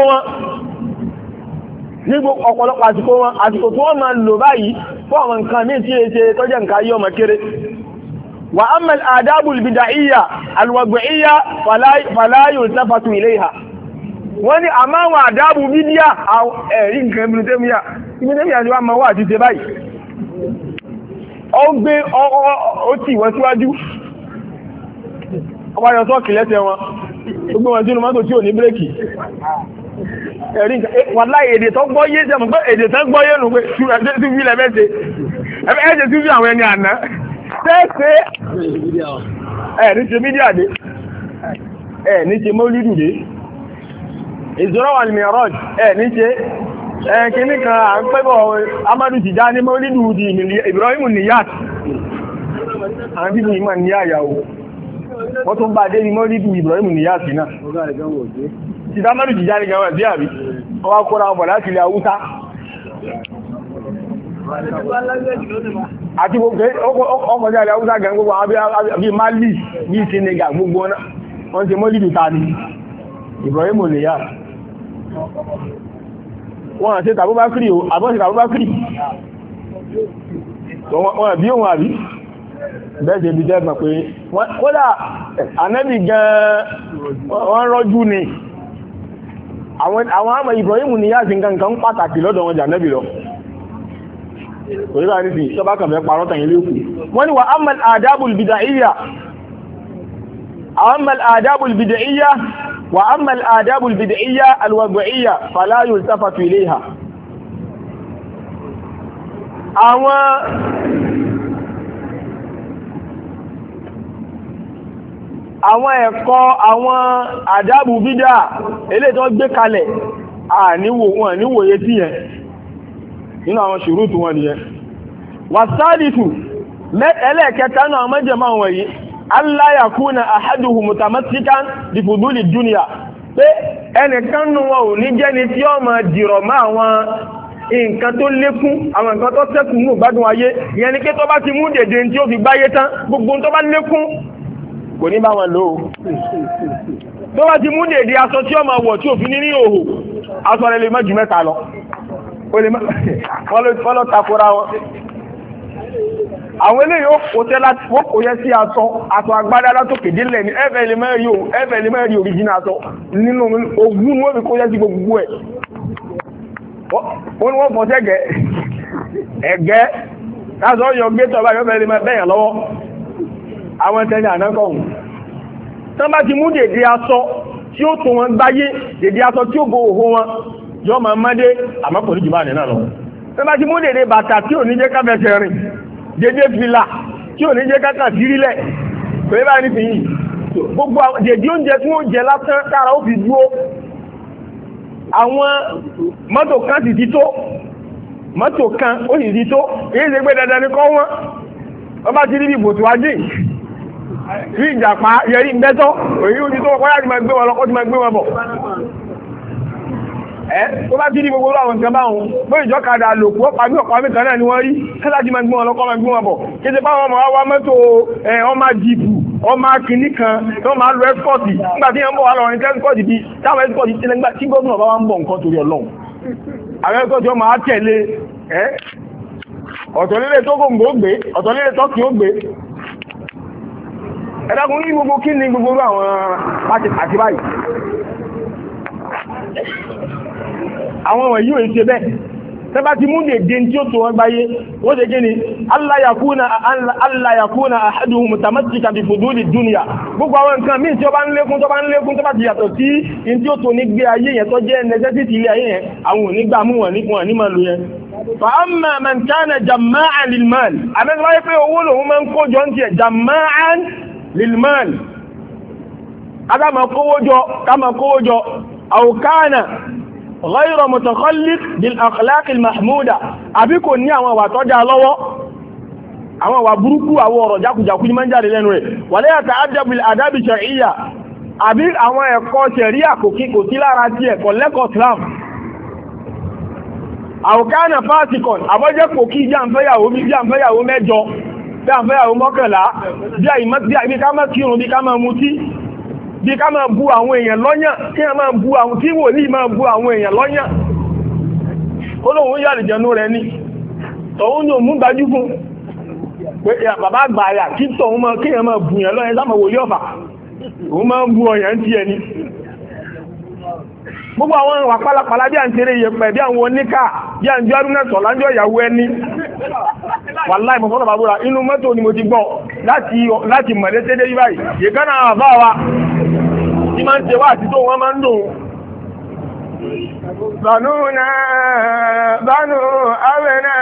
ní gbogbo ọ̀pọ̀lọpọ̀ àsìkò wọn àsìkò tí wọ́n máa lò báyìí fún nǹkan míì tí èé tọ́jẹ́ nǹkan yọ ọmọ wà á mẹ́lẹ̀ àdábùl bida'iyya alwagbi'iyya fala yultafatu ilayha wọ́n ní àmọ́ àwọn àdábù bídíà ẹ̀rí nǹkan ibi tẹ́míyà ni wọ́n máa wà àti ṣe báyìí ó gbé ó ẹ̀rí wàlá èdè tó gbọ́yé sẹ́mu pé èdè tó gbọ́yé nù pé ṣùgbọ́n ẹ̀jẹ̀ mẹ́sẹ̀ ẹ̀jẹ̀ tún fi àwọn ẹni àná tẹ́ẹ̀sẹ̀ ẹ̀rí ti mídíà dé ẹ̀ní ti mọ́lúdù dé wà ní kan à ń amadu ti já ní mọ́lúdù di Ibrahim niyat àwọn bíbí ìmọ̀ ní àyàwó wọ́n tún bá dé ní náà ìdámẹ́rù jìjá ní gẹ̀wẹ̀ bí àbí ọwá kóra ọmọ láti ilẹ̀ àwúta àti gbogbo ọkọ̀já ilẹ̀ àwúta gẹ̀ẹ́ gbogbo àwọn bí mali bí sinega gbogbo wọn ti mọ́lìdì ta ni Ibrahim olèyà wọ́n àti tàbúbákìrì àbọ́sì tàbúbákìrì wọ́n bí òun àbí bẹ́ẹ̀sẹ̀ ibi jẹ́ mọ̀ pé wọ́n dà anẹ́bì gan wọ́n rọ́jú ni àwọn àmà Ibrahim ni yá sí nǹkan pàtàkì lọ́dọ̀ wọn jànẹ́bì lọ kò rí láàrin sí ṣọ́bá kàfẹ́ parọ́ tàyẹ lókù wọ́n ni wà amal adabul bida'iyya amal adabul bida'iyya wà amal àwọn ẹ̀kọ́ àwọn àdábù bídá ilé tó gbé kalẹ̀ àníwò wọn níwòye tí yẹn nínú àwọn ṣùrútù wọn nìyẹn wàsádìtù ẹlẹ́ẹ̀kẹta náà mẹ́jẹ̀má wọn yìí aláyàkúnà àhádùhù mùtàmásíkán dìfùdúlì dúnìyà pé ẹnìkan nù wọn ò ní jẹ́ni tí ó máa dìrọ̀ mọ́ àwọn nǹkan tó lékún àwọn nǹkan tó ṣẹ́kù nù gbádùn ayé ìyẹn ni kò ní bá wọn lò ó tó bá ti mú dèdè aṣọ tí ọmọ wọ̀ tí òfin ní òhò aṣọ rẹ̀ lè má ju mẹ́ta lọ wọ́n ló takora wọn àwọn eléyìí ó kò tẹ́ láti wọ́n kò yẹ sí aṣọ aṣọ agbádá látòkè délẹ̀ ní ẹ̀fẹ̀ lè mẹ́rin o ẹ̀fẹ̀ lè mẹ́rin òrìjìnà aṣọ nínú ogún ni wọ́n fi kó yẹ sí gbogbo ẹ̀ wọ́n ni wọ́n fọ́ sẹ́gẹ̀ẹ́ ẹ̀gẹ́ láti ọ̀yọ́ gbé tọ́ba yọ̀fẹ̀ lè mẹ́ bẹ́yàn lọ́wọ́ àwọn tẹni ànákọ̀hùn tán bá ti mú dèdè aṣọ tí ó tó wọn gbáyé dèdè aṣọ tí ó bo òhó wọn yọ máa mọ́dé àmọ́ kò ní jù bá nínà lọ tán bá ti mú dèdè bàtà tí ò ní jẹ́ káfẹsẹ̀ rìn dèdè fìlà tí ò ní jẹ́ káfà sírílẹ̀ pé bá ní fi yìí gbogbo dèdè oúnjẹ tí wọ́n jẹ lásán tára ó fi dúró àwọn mọ́tò kan sì ti tó mọ́tò kan ó sì ti tó èyí ṣe pé dandan ni kọ́ wọn wọ́n bá ti rí bí ajé rí ìjàpá yẹrí ìgbẹ́tọ́ òyí ojú tó wọ́pọ̀ láti máa gbé wọn lọ́kọ́ ti máa gbé wọn bọ̀ ẹ́ tó bá ti rí gbogbo àwọn nǹkan báwọn bó ìjọ kadà lòkú ọ̀pá bí ọ̀pá mẹ́ta náà ni wọ́n rí láti máa gbé wọn lọ́kọ́ máa gbé wọn bọ̀ kéde báwọn ọmọ wa mọ́tò ọmọ jìpù ọmọ akínní kan tó máa lo ẹ́síkọ́ọ̀tì nígbà tí wọ́n bọ̀ wá lọ́rin ẹ́síkọ́ọ̀tì bíi táwọn ẹ́síkọ́ọ̀tì ti lẹ́gbà tí gómìnà bá wá ń bọ̀ nǹkan torí ọlọ́run àwọn ẹ́síkọ́ọ̀tì ọmọ á tẹ̀lé ọ̀tọ̀lélẹ̀ tó gbòǹgbò gbé ọ̀tọ̀lélẹ̀ tó kí ó gbé ẹ̀dàkùn ní gbogbo kí ní gbogbo àwọn àti báyìí àwọn ọmọ yíò èsẹ bẹ́ẹ̀ tẹ́bá ti mú dèdè tí ó tó wọ́n gbáyé wọ́n ṣe gíní aláyàkúnà àhádùn mùtàmásíkà bí fòdúlì dúnìyà gbogbo àwọn nǹkan míì tí ó bá ń lékún tó bá ń lékún tó bá ti yàtọ̀ sí in tí ó tó ní gbé ayé yẹn tó jẹ́ necessity ilé ayé yẹn àwọn onígbà mú wọn nípa wọn ní màlú yẹn fàámà man kana jamaa lil mal lilman adama kówó jọ kama kówó jọ àwòkáànà ghayra mutakallik bil akhlaqil mahmuda àbí kò ní àwọn àwà tọ́já lọ́wọ́ àwọn àwà burúkú àwọn ọ̀rọ̀ jákujàku ní máa ń jáde lẹ́nu rẹ̀ wala yata'addab bil adabi shar'iyya àbí àwọn ẹ̀kọ́ ṣẹ̀ríà kò kí kò sí lára tí ẹ̀kọ́ lẹ́kọ̀ọ́ Islam àwòkáànà fásikọ̀n àbọ́jẹ́ kò kí jàǹfẹ́yàwó mẹ́jọ bí a fẹ́ àwọn mọ́kànlá bí àìbí ká mọ́ kírun bí ká mọ́ mutí bí ká mọ́ bu àwọn èèyàn lọ́yàn kí a máa bu àwọn tí wò ní máa bu àwọn èèyàn lọ́yàn olóhun yà lè jẹnu rẹ ní tọ́hún ní òun gbájú fún pé bàbá àgbà kí tọ́hún kí a máa bu yàn lọ́yàn gbogbo àwọn ìwà pálapàla bí à ń tẹ́rẹ ìyẹ̀pẹ̀ bí àwọn oníkà bí à ń jọ arúnà sọ̀lá ń jọ ìyàwó ẹni wàláì mọ̀ sọ́nà bàbúrà inú mọ́tò ni mo ti gbọ́ láti mọ̀lẹ́ tẹ́lẹ̀ yí báyìí yèkánná àbá wa tí máa ń tẹ wá àti wọn máa ń dùn bánú àwẹ̀nà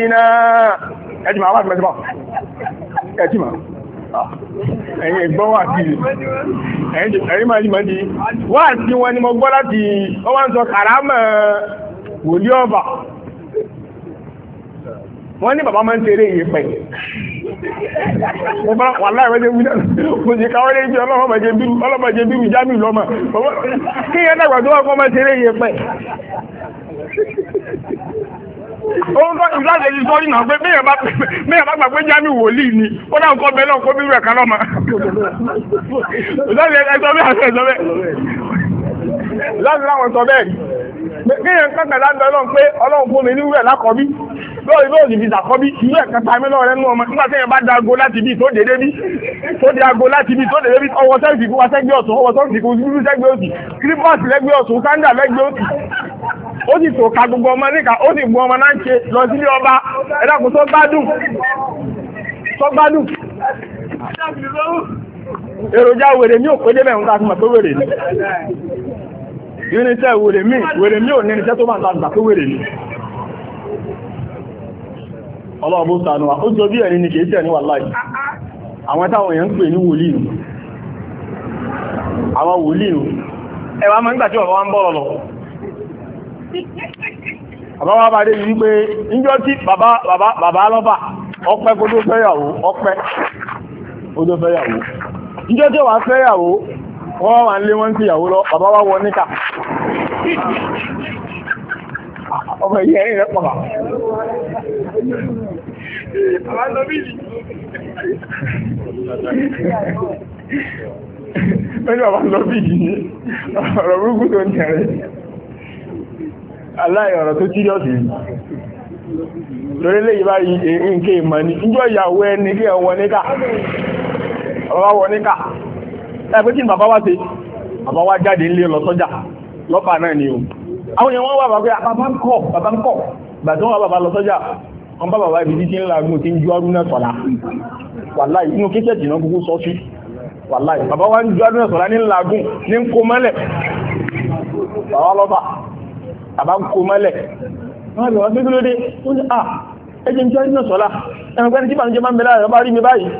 ìnà ẹ̀jìmọ̀ àwọn àti ẹ̀yìn ẹ̀gbọ́n wà sí ẹ̀yìn mọ̀jìmọ̀jì wà sí ni mo gbọ́ láti wá ń sọ kàrámọ̀ wòlíì ọba wọ́n ní bàbá máa ń iye pẹ̀ dàgbà wà pẹ̀ òun kọ́ ìlàjẹ̀ yìí sọ́rí náà pé mẹ́yàn bá gbà pé jámi wòlíì ni ó dáhùn kọ́ bẹ́ẹ̀ náà kó bí rẹ̀ kálọ́ ma ìlàjẹ̀ ẹ̀sọ́ bẹ́ẹ̀ àti ẹ̀sọ́ bẹ́ẹ̀ láti láwọn sọ bẹ́ẹ̀ kéèyàn kẹta láti ọlọ́run pé ọlọ́run fún mi nírú ẹ̀ lákọ̀ọ́bí lórí lórí ibi ìsàkọ́bí irú ẹ̀ kẹta mi lọ́rẹ́ nú ọmọ nígbà téèyàn bá da ago láti bí tó dédé bí tó dé ago láti bí tó dédé bí ọwọ́ sẹ́ẹ̀sì fún wa sẹ́gbẹ́ ọ̀tún ọwọ́ sẹ́ẹ̀sì fún wa sẹ́gbẹ́ ọ̀tún sáńdà ó sì tò ka gbogbo ọmọ níka ó sì gbogbo ọmọ náà ń ṣe lọ sílé ọba ẹ̀dàkùn tó gbádùn tó gbádùn èròjà wèrè mi ò pé débẹ̀ ń ta ni irinṣẹ́ wèrè mi wèrè mi ò ní irinṣẹ́ tó máa ni ọlọ́ọ̀bó sànú wa ó jọ bí ni kìí tẹ̀ ní wà láì àwọn táwọn èèyàn ń pè ní wòlíì bàbá wa bá dé yìí pé níjọ́ tí bàbá bàbá lọ́bà ọpẹ́ kó tó fẹ́yàwó ọpẹ́ kó tó fẹ́yàwó níjọ́ tí wà fẹ́yàwó wọ́n wà ń lé wọ́n sí ìyàwó lọ bàbá wa wọ níkà ọmọ ìyẹ́ rẹ̀ pọ̀bà Mẹ́rin bàbá lọ bí ìdí ọ̀rọ̀ burúkú tó ń tẹ̀rẹ̀ aláìọ̀rọ̀ tó tíríọ̀sì lórí lè yíba nke ìmọ̀ ní ìjọ ìyàwó ẹni kí ẹwọ níkà ọba wọ níkà ẹgbẹ́ tí bàbá wá ṣe bàbá wá jáde ńlé lọ sọ́jà lọ́pàá náà ni o àwọn èèyàn wọ́n wà bàbá ah, bàbá ń kọ̀ bàbá ń kọ̀ gbàtí wọ́n wà bàbá lọ sọ́jà wọ́n bá bàbá ibi tí ń wá ń àbá ń kó mọ́lẹ̀ wọ́n lè wọ́n gbé lóde ó ní à ah, ẹjẹ́ ń jọ nínú sọ́lá ẹ̀rọ pẹ́ni tí ìbànújẹ́ máa ń bẹ láàrin ọba rí mi báyìí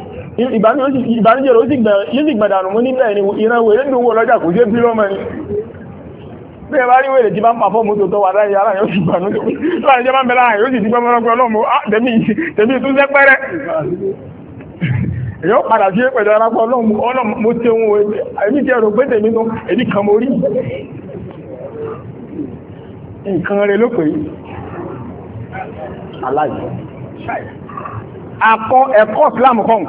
ìbànújẹ́ rẹ̀ yóò sì gbàdànù mú níbẹ̀ ni ìran wèrè ń dòwò lọ́jà kò sí bí lọ́mọ ni bí ẹ bá rí wèrè tí bá ń pàfọ́ mú tòótọ́ wà láyé ara yóò sì gbànújẹ́ ìbànújẹ́ máa ń bẹ láàrin yóò sì ti gbọ́mọ́ lọ́gbọ́ lọ́mọ tẹ̀mí tún sẹ́ pẹ́rẹ́ èyàn padà sí pẹ̀lú ara pọ̀ ọlọ́mọ mo ṣe ohun nǹkan rẹ̀ ló pè é aláìsàn akọ ẹ̀kọ́ Islam kan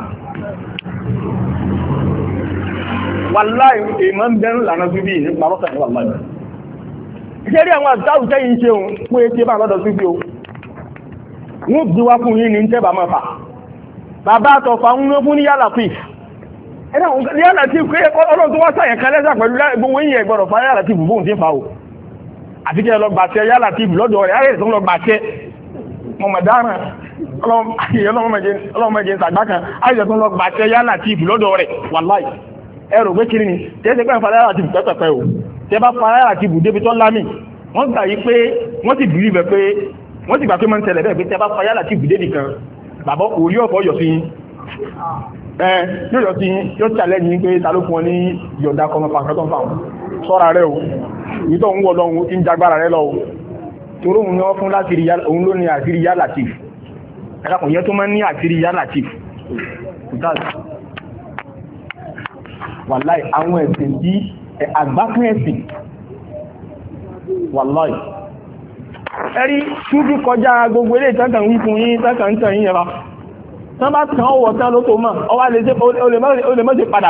wàláì èèmọ̀ ń bẹ́rù lànà bíbí ní parọ́sà ní wàláì ìṣẹ́rí àwọn àtàwù tẹ́yìn ṣe òun pé tí bá lọ́dọ̀ sí bí o wọ́n bí wá fún yín ní tẹ́bà máa fà bàbá àtọ̀fà ń fún ní yálà pif yálà tí ọlọ́dún wá sàyẹ̀kálẹ́sà pẹ̀lú gbogbo yìnyẹn gbọ́dọ̀ fà yálà tí bùbóhùn ti fà o àti kí ẹ lọ gbàṣẹ yálà tí lọ́dọ̀ rẹ̀ ayé ìsọ́n lọ gbàṣẹ mọ̀mọ̀dára ọlọ́mọdé ìsàgbá kan ayé ìsọ́n lọ gbàṣẹ yálà tí lọ́dọ̀ rẹ̀ wàláì ẹrù pé kiri ni tẹ́sẹ̀ pẹ́ fara yálà tí pẹ́pẹ́pẹ́ o tẹ́ bá fara yálà tí débi tó lámì wọ́n gbà yí pé wọ́n sì bìrì bẹ̀ pé wọ́n sì gbà pé máa ń tẹ̀lẹ̀ bẹ́ẹ̀ pé tẹ́ bá fara yálà tí débi kan bàbá òrí ọ̀fọ̀ yọ̀ sí yóò yọ̀ sí yóò tẹ̀lẹ́ ní pé ta ló fún ọ ní yọ̀dá kọmọ pàkàtọ̀ fáwọn sọ́ra rẹ̀ o ìtọ̀ ń wọ̀ lọ́hun tí ń jagbára rẹ̀ lọ́wọ́ torí òun ni wọ́n fún láti rí òun latif tó máa ní àṣírí latif wàláì àwọn ẹ̀sìn tí àgbákùn ẹ̀sìn wàláì ẹ̀rí ṣúbí kọjá gbogbo ilé ìtàkà ń fún yín ìtàkà ń tàn ẹ̀rọ tán bá ọwọ́ tán ló tó ọwá lè mọ́ padà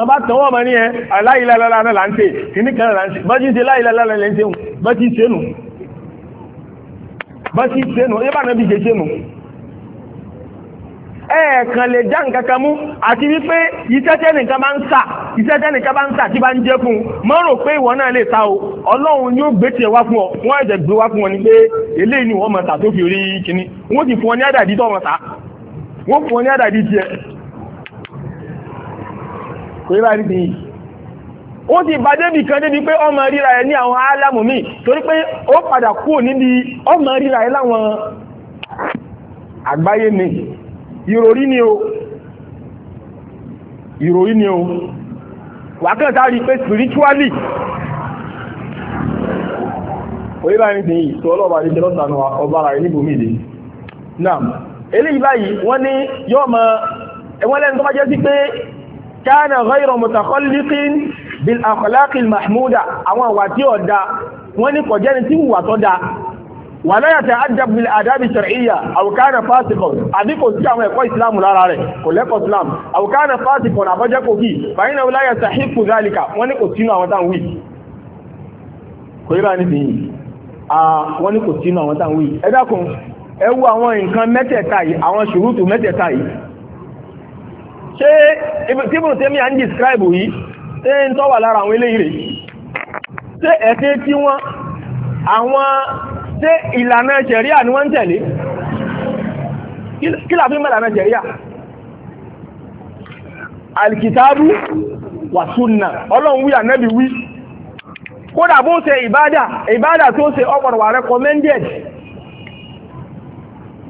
wọ́n bá tọwọ́ mọ̀ ní ẹ aláìlálára náà là ń tè kìíní kan là ń tè bọ́jí ṣe láìlálára lẹ́ ń tè bọ́jí ṣe nù bọ́jí ṣe nù yóò bá náà bí ṣe ṣe nù ẹ̀ẹ̀kan lè já nǹkan kan mú àti wípé ìtẹ́tẹ́ nìkan bá ń sà ìtẹ́tẹ́ nìkan bá ń sà tí bá ń jẹ́ fún un mọ́ rò pé ìwọ náà lè ta o ọlọ́run yóò gbé tiẹ̀ wá fún ọ wọ́n ẹ̀jẹ̀ gbé wá fún ọ ní pé eléyìí ni wọ́n mọ̀ ta tó fi rí kinní wọ́n ti fún ọ ní àdàdí tó mọ̀ ta wọ́n fún ọ ní àdàdí tiẹ̀ kò yí bá rí bìí ó ti bá débì kan débi pé ọmọ ríra ẹ ní àwọn alámù míì torí pé ó padà kúrò níbi ọmọ ríra ẹ láwọn àgbáyé ni ìròrí ni o ìròrí ni o wákàtà rí pé spiritually òye bá ní tìyí tó ọlọ́ọ̀bá ní jẹ́ lọ́sànà ọba ara rẹ̀ níbòmí ìdí náà eléyìí báyìí wọ́n ní yọ́ ọmọ ẹ̀wọ́n lẹ́nu tó bá jẹ́ sí pé kana ghayra mutakhalliqin bil akhlaqil mahmuda àwọn àwà tí ó da wọ́n ní kọjẹ́ ni tí wùwà tó da wà láyà tẹ adab bil adabi shar'iyya aw kana fasiqan àbí kò sí àwọn ẹ̀kọ́ ìsìlámù lára rẹ̀ kò lẹ́kọ̀ọ́ islam aw kana fasiqan àbọ́jẹ́ kò kí fàyínà láyà sahifu zalika wọ́n ní kò sínú àwọn táwọn wí kò yíra ní sìn yìí wọ́n ní kò sínú àwọn táwọn wí ẹ dákun ẹ wo àwọn nǹkan mẹ́tẹ̀ẹ̀ta yìí àwọn ṣùrùtù mẹ́tẹ̀ẹ̀ta yìí ṣé tíbùn tí a ń describe yìí tí ń tọ́wà lára àwọn eléyìí rẹ̀ ṣé ẹ̀sẹ̀ tí wọ́n àwọn ṣé ìlànà ṣẹ̀ríà ni wọ́n ń tẹ̀lé kí la fi ń mẹ́lànà ṣẹ̀ríà alkitabu wa sunna ọlọ́run wí ànábì wí kódà bó ṣe ìbádà ìbádà tó ṣe ọgbọ̀rọ̀ wà recommended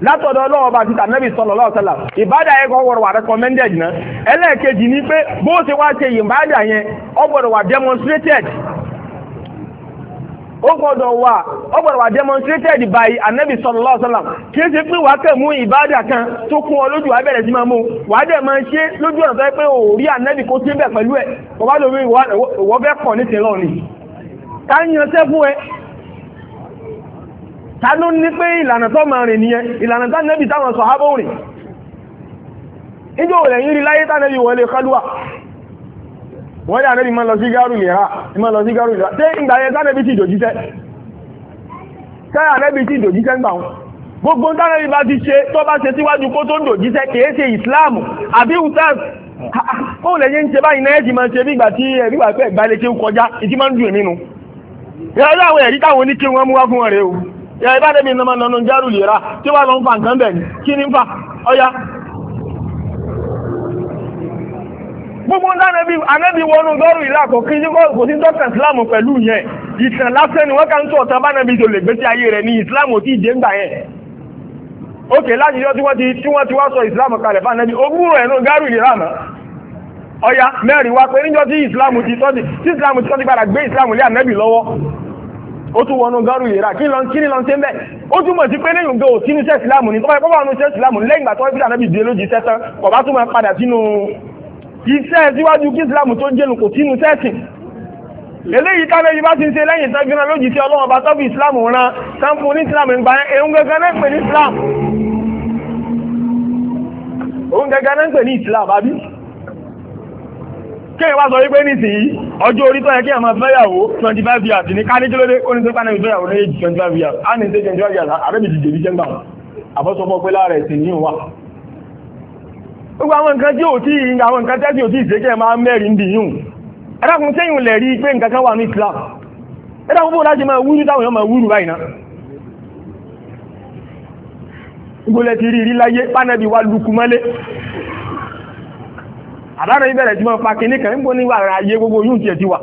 látọ̀dọ̀ ọlọ́wọ́ bá ti tànẹ́bì sọ̀lọ̀ lọ́ọ̀tọ́là ìbádà yẹn kọ́ wà recommended náà ẹlẹ́ẹ̀kejì ni pé bó ṣe wá ṣe ìbádà yẹn wà demonstrated wà wà demonstrated by anabi sallallahu alaihi kí ṣe pé wàá mú ìbádà kan tó kún ọ lójú wàá sí máa mú wàá ṣe lójú tánú ní pé ìlànà tó máa rìn nìyẹn ìlànà tánẹ́bì táwọn sọ̀hábò rìn ìjọ òlẹ̀ yìí rí láyé tánẹ́bì wọlé kálúwà wọ́n dà nẹ́bì máa lọ sí gáàrù ìlera máa lọ sí gáàrù ìlera tẹ́ ìgbà yẹn tánẹ́bì ti se káyà nẹ́bì ti dòjíṣẹ́ ń gbà wọn gbogbo tánẹ́bì bá ti ṣe ha ya ìbáde mi nàmà nànú járù lè ra tí wàá lọ ń fa nǹkan bẹ̀ ni kí ni ń fa ọ̀ya. gbogbo ndánẹ́bí anẹ́bí wọnú gọ́rù ìlà kò kí kò sí dọ́kítà ìsìláàmù pẹ̀lú yẹn ìtàn lásán ni wọ́n kà ń tó ọ̀tàn bánẹ́bí tó lè gbésí ayé rẹ̀ ní ìsìláàmù tí ìjẹ́ ń gbà yẹn. láti yọ tí wọ́n ti tí wọ́n ti wá sọ ìsìláàmù kalẹ̀ ogúnrò ó tún wọnú gárù ìlera kí ni lọ ń ṣe ń bẹ́ ó túmọ̀ sí pé lẹ́yìn gbòó sínú iṣẹ́ ìsìlámù ní tọ́pọ̀ ẹ̀kọ́ wà nínú iṣẹ́ ìsìlámù lẹ́yìn ìgbà tó ẹ̀bí dànù ìdílé lójì iṣẹ́ tán kò bá tún máa padà sínú iṣẹ́ síwájú kí ìsìlámù tó jẹ́nu kò sínú iṣẹ́ ẹ̀sìn eléyìí tábẹ́ yìí bá ti ń ṣe lẹ́yìn tán gbìnà lójì tí ọlọ́wọ́ bá tọ́bù ìsìlámù ran tán ní ìsìlámù ìgbà ẹ̀hún gẹ́gẹ́ náà ń pè ní ìsìlámù kéyìn wá sọ wípé nísìnyí ọjọ́ orí tó yẹ kí ẹ̀mọ̀ fẹ́yàwó 25 years ní ká ní kí ló dé ó ní tó pánà ìfẹ́yàwó ní age 25 years a ní ṣe 25 years àrẹ́bì ti dèrí jẹ́ ń gbà wọn àbọ́sọpọ̀ pé láàrẹ̀ ìsìn ní wà gbogbo àwọn nǹkan tí ò tí ì àwọn nǹkan tẹ́sí ò tí ì ṣe kẹ́ máa mẹ́rin bí yùn ẹ̀dàkùn sẹ́yìn lẹ̀ rí pé nǹkan kan wà ní Islam ẹ̀dàkùn bó láti máa wúrú táwọn èèyàn máa wúrú báyìí náà gbogbo lẹ ti rí rí láyé pánẹ́bí wa lukú mọ́lé àbára ìbẹ̀rẹ̀ tí wọ́n fa kìíní kan ń bó níwà ayé gbogbo yóò tiẹ̀ ti wà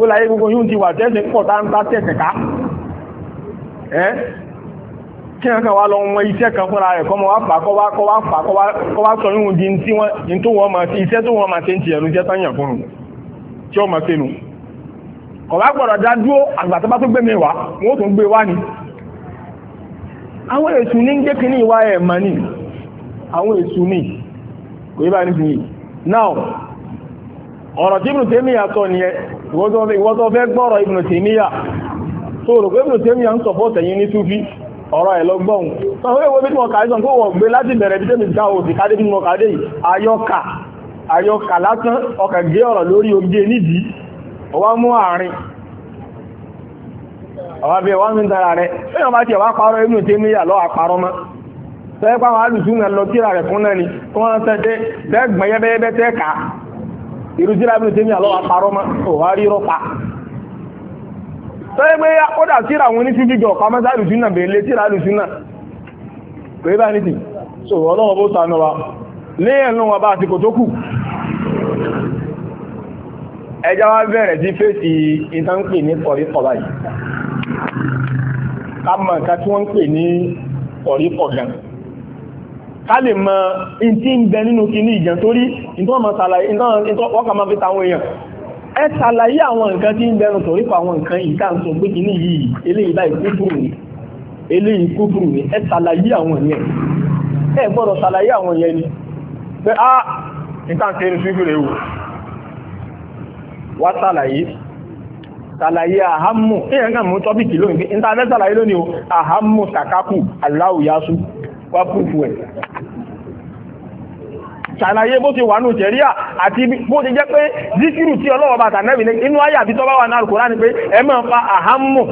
ó láyé gbogbo yóò ti wà tẹ́sẹ̀ pọ̀ tá ń ká ẹ́ kí wọ́n kàn wá lọ wọn iṣẹ́ kan fúnra rẹ̀ kọ́mọ wá sọ di tí tó wọ́n ti iṣẹ́ tó wọ́n ti ń iṣẹ́ tán yàn fún un tí gbọ́dọ̀ dá dúró àgbà tó bá tó gbé mi wá kò now ọ̀rọ̀ tí Ibn Taymiyyah sọ ni ẹ ìwọ́tọ̀ fẹ́ gbọ́rọ̀ Ibn Taymiyyah tó rò pé Ibn Taymiyyah ń sọ̀pọ̀ tẹ̀yìn ní Sufi ọ̀rọ̀ ẹ̀ lọ́gbọ́n sọ̀rọ̀ ìwọ́ bí wọ́n kàájọ́ kó wọ́n gbé láti bẹ̀rẹ̀ bí tẹ́mi dá òsì káde bí wọ́n kàájọ́ yìí ayọ́kà ayọ́kà lásán ọkà gé ọ̀rọ̀ lórí oge nídìí ọwá mú àárín ọwá bí ọwá mi dára rẹ̀ fẹ́yàn bá ti ọwá parọ́ Ibn Taymiyyah lọ́ àparọ́ tẹ́ pa àwọn alùsùn náà lọ tíra rẹ̀ fún náà ni kí wọ́n tẹ́ tẹ́ tẹ́ gbọ́n yẹ́bẹ́yẹ́bẹ́ tẹ́ kà irú tíra bí tẹ́mi àlọ́ wa parọ́ ma ò wá rí rọ́pa tẹ́ pé ó dà tíra àwọn oníṣíjú jọ pamọ́ sí alùsùn náà bèèlè tíra alùsùn náà pé bá ní ti so ọlọ́wọ́ bó sànù wa léèyàn ló wọn bá àsìkò tó kù ẹjá wá bẹ̀rẹ̀ sí fèsì ìtànkì ní kọ̀ríkọ̀ báyìí ká mọ̀ ká tí wọ́n ń pè ní kọ̀ríkọ̀ gan ká lè mọ in tí ń bẹ nínú kinní ìjàn torí ìtọ́wọ́kà máa fi tàwọn èèyàn ẹ ṣàlàyé àwọn nǹkan tí ń bẹnu torí pa àwọn nǹkan ìdá ń sọ pé kinní yìí eléyìí báyìí kúfùrù ni eléyìí kúfùrù ni ẹ ṣàlàyé àwọn yẹn ẹ gbọ́dọ̀ ṣàlàyé àwọn yẹn ni pé á nǹkan kẹrin sí ìfìrè wò wá ṣàlàyé ṣàlàyé àhámù èèyàn kan mú tọ́pìkì lónìí ní ta fẹ́ wá púpù ẹ̀ ṣàlàyé bó ti wà ní ìjẹ̀ríà àti bó ti jẹ́ pé zikiru tí ọlọ́wọ́ bá tànẹ́bì ní inú ayà bí tọ́bá wà ní Al-Kùránì pé ẹ máa fa àhámù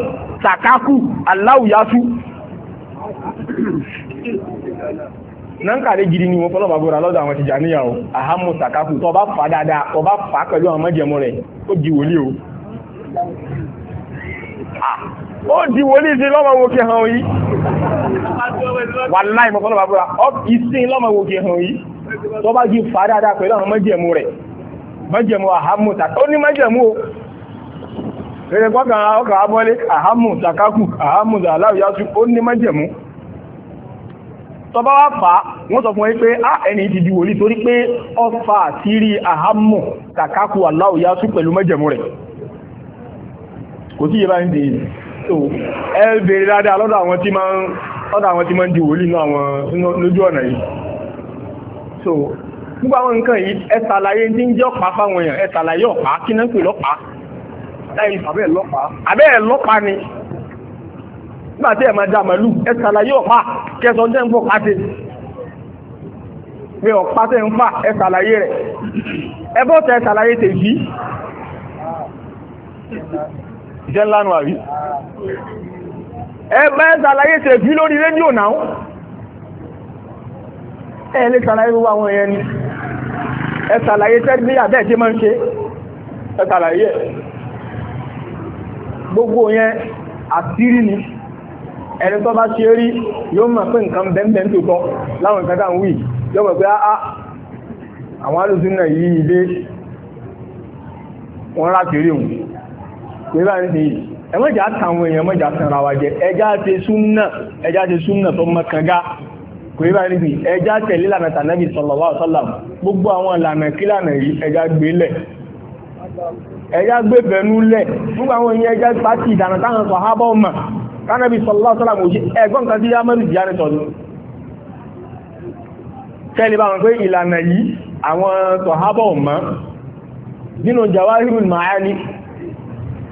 tàkákù aláwùyású nankare gidi ni wọn fọlọ́ bá gbọ́ra lọ́dọ̀ àwọn ìjà níyàwó àhámù tàkákù tó bá fà dáadáa tó bá fà pẹ̀lú àwọn mọ́jẹ̀mọ́ rẹ̀ ó di wòlíì ó di wòlí sí lọ́mọ̀wòkè hàn yìí wà láì mọ́ fọ́lọ́bà búra ọ́ ìsìn lọ́mọ̀wòkè hàn yìí tó bá jí fà dáadáa pẹ̀lú àwọn májẹ̀mú rẹ̀ májẹ̀mú àhámù tàkà ó ní májẹ̀mú o rẹ̀ pọ́kàn ọkà abọ́lé àhámù tàkàkù àhámù aláwìyásù ó ní májẹ̀mú tó bá wá fà wọ́n sọ fún ẹ pé á ah, ẹni ti di wòlí torí pé ó fà kò sí yẹ bá ń dèyí so ẹ bèèrè dáadáa lọ́dọ̀ àwọn tí máa ń lọ́dọ̀ àwọn tí máa ń di wòlíì náà àwọn lójú ọ̀nà yìí so nígbà àwọn nǹkan yìí ẹ ṣàlàyé tí ń jẹ́ ọ̀pá fáwọn èèyàn ẹ ṣàlàyé ọ̀pá kí náà ń pè lọ́pàá láì àbẹ́ẹ̀ lọ́pàá àbẹ́ẹ̀ lọ́pàá ni nígbà tí ẹ máa da màlúù ẹ ṣàlàyé ọ̀pá kẹsàn-án jẹ́ ń bọ̀ pàṣẹ pé ọ̀pá tẹ́ ń fà ẹ ṣàlàyé rẹ̀ ẹ bọ́ tẹ tèjì iṣẹ́ ńlá nù àrí ẹgbẹ́ ṣàlàyé ṣe bí lórí rédíò náà ẹ lè ṣàlàyé gbogbo àwọn èèyàn ni ẹ ṣàlàyé tẹ́gbí àbẹ́ẹ̀dé máa ń ṣe ẹ ṣàlàyé gbogbo yẹn àtírí ni ẹni tó bá ṣe rí yóò mọ̀ pé nǹkan bẹ́ẹ̀bẹ́ẹ̀ tó tọ́ láwọn nǹkan dáa ń wí yóò mọ̀ pé á ah, ah, àwọn alùsùn náà yìí ilé wọn láti rí òun pẹ̀lú àrí sí ẹmọ́jà àtàwọn èèyàn mọ́jà tanra wa jẹ ẹjá ti súnnà ẹjá ti súnnà tó mọ́kànga pẹ̀lú àrí sí ẹjá tẹ̀lé lànà tànàbì sallallahu alaihi wasallam gbogbo àwọn lànà kí lànà yìí ẹjá gbélẹ̀ ẹjá gbé bẹ̀nú lẹ̀ gbogbo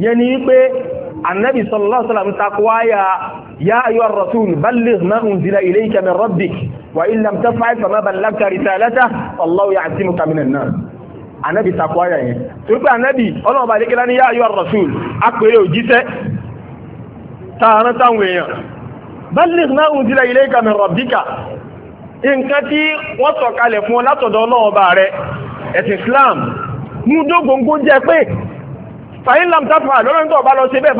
yẹn ni wípé annabi sallallahu alaihi wasallam takwaya ya ayyuhar rasul balligh ma unzila ilayka min rabbik wa in lam taf'al fama ballagta risalatahu wallahu ya'simuka minan nas annabi takwaya yẹn tó pé annabi Ọlọ́run ba le kila ni ya ayyuhar rasul apere òjíṣẹ́ tààrán táwọn èèyàn balligh ma unzila ilayka min rabbika nǹkan tí wọ́n sọ̀kalẹ̀ fún ọ látọ̀dọ̀ Ọlọ́run ba rẹ̀ ẹ̀sìn Islam mú dógóngó jẹ́ pé fàyín lam tafal lọ́nà tó bá lọ sí bẹ́ẹ̀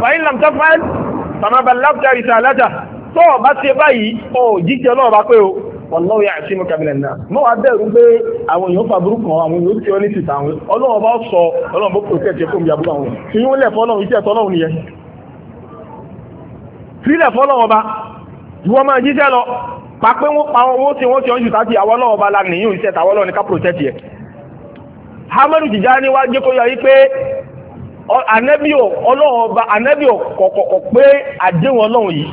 fàyín lam tafal tàmàbà lápútà risalata tó bá ti báyìí ó jíjẹ lọ́wọ́ bá pé o wallahu ya'simuka minan nas mọ́ wá bẹ̀rù pé àwọn èèyàn fàbúrú kan àwọn èèyàn tí ó ní tìta àwọn ọlọ́wọ́ bá sọ ọlọ́wọ́ bó protect fún ìyàbú àwọn fi yún lẹ̀ fọ́lọ́wọ́ iṣẹ́ tọ́lọ́wọ́ nìyẹn sílẹ̀ fọ́lọ́wọ́ bá ìwọ máa jíjẹ́ lọ pàpẹ́ wọn pa wọn tí wọ́n ti ọ́n jù tàbí àwọn ọlọ́wọ́ bá lánìyàn iṣẹ́ tàwọn ọlọ́wọ́ ní ká protect yẹn Ahmadu Tijani wá jẹ́ kó yọ yí pé anẹ́bíò ọlọ́run ọba anẹ́bíò kọ̀kọ̀kọ̀ pé àdéhùn ọlọ́run yìí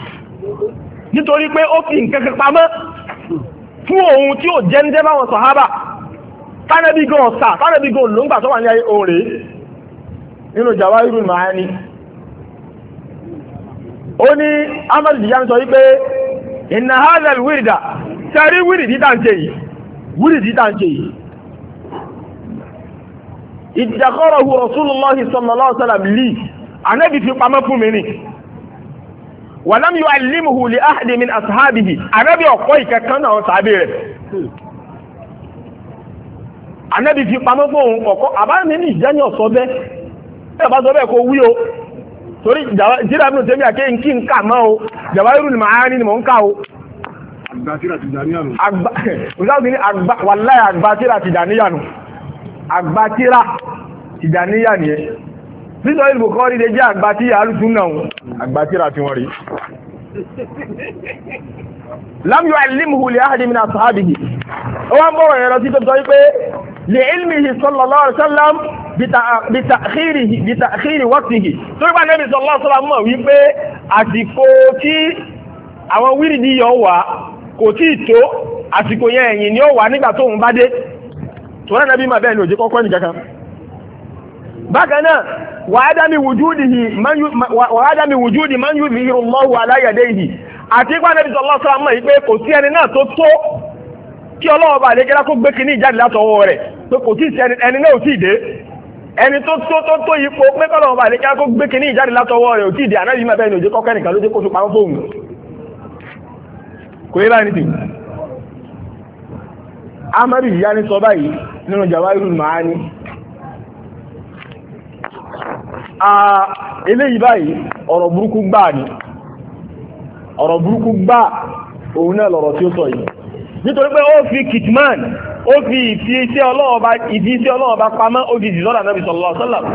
nítorí pé ó fi nǹkan kan pamọ́ fún ohun tí ó jẹ́ báwọn sàhábà tánẹ́bí gan ọ̀sà tánẹ́bí gan ló tó wà ní ayé òun rèé nínú Jawahirul Ma'ani ó ní Ahmadu Tijani sọ wípé ìnà sẹ́rí yìí ìdàkọ́rọ̀hù rasulullahi sallallahu alaihi wasallam lì anábì fi pamọ́ fún mi ni wàlám yóò alimuhu li ahadi min asahabihi anábì ọ̀pọ̀ ìkẹ̀kan náà sàábì rẹ̀ anábì fi pamọ́ fún òun kọ̀kọ́ àbámi ní ìjẹ́ni ọ̀sọ́ bẹ́ ẹ̀ bá sọ bẹ́ẹ̀ kó wí o torí jíra bí tẹ́bí àkẹ́ nkí nkà ni mò ń ká o àgbà tíra ti dàníyànù àgbàtíra tìjàníyà ni ẹ nínú ìlú kọ́ rí lè jẹ́ àgbàtíra alùsùnà àgbàtíra tí wọ́n rí lámìí wà ilé mùhùlì áhàdì mi náà sàábìhì ó wá ń bọ̀ wọ̀nyẹ̀rọ sí tó sọ pé lè ilmihi sallallahu alaihi wasallam bìtàkìrì wọ́tìhì tó rí bá nẹ́bí sallallahu alaihi wasallam mọ̀ wípé àsìkò tí àwọn wírìdì yọ wà kò tí ì tó àsìkò yẹn ẹ̀yìn ni tọ́rọ nàbí ma bẹ́ẹ̀ ni òjì kọ́kọ́ ní kankan bákan náà wà á dámi wùjúdì man yú fi hìrù lọ́wọ́ aláyàdé yìí àti ipá nàbí sọ lọ́sọ́ àmọ́ yìí pé kò sí ẹni náà tó tó kí ọlọ́wọ́ bá lè kẹ́lá kó gbé kíní ìjáde látọwọ́ rẹ̀ pé kò sí ẹni náà ò tí ì dé ẹni tó tó tó tó yípo pé kọ́lọ́wọ́ bá lè kẹ́lá kó gbé kíní ìjáde látọwọ́ rẹ̀ ò tí ì dé àná yìí ma bẹ́ẹ̀ ni òjì kọ́kọ́ nìkan ló dé kó fi pamọ́ fóònù kò yẹ báyìí nìtì amari ìyá ní sọ báyìí nínú Jawahirul Ma'ani eléyìí báyìí ọ̀rọ̀ burúkú gbà ní ọ̀rọ̀ burúkú gbà òun náà lọ̀rọ̀ tí ó sọ yìí nítorí pé ó fi kitman ó fi ìfi iṣẹ́ ọlọ́ọ̀ba ìfi iṣẹ́ ọlọ́ọ̀ba pamọ́ ó fi ìsìlọ́dà Nabi sallallahu alaihi wasallam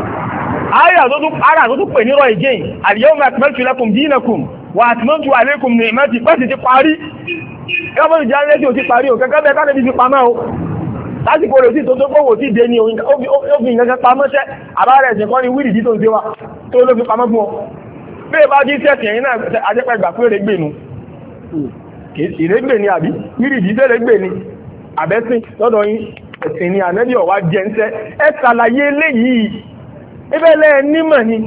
ara tó tún pè nírọ̀ ìjẹ́yìn al-yawma akmaltu lakum dinakum wa atmamtu alaykum ni'mati pẹ́sì ti parí káfọ́n ìjà rédíò ti parí o kẹ́kẹ́ bẹ́ẹ̀ fi pamọ́ o lásìkò rẹ̀ sí tó tó pòwò tí dé ní òfin ìgbẹ́kẹ́ pamọ́ṣẹ́ àbárẹ̀ ẹ̀sìn kan tí tó ń ṣe wa tó ló fi pamọ́ fún ọ bí ẹ bá jí sí ẹ̀sìn náà ajẹ́pẹ́ pé nu ni àbí wíìlì tí tẹ́rẹ̀gbè ni àbẹ́sìn lọ́dọ̀ yín ẹ̀sìn ni ànẹ́bí ọ̀wá jẹ́ ẹ ni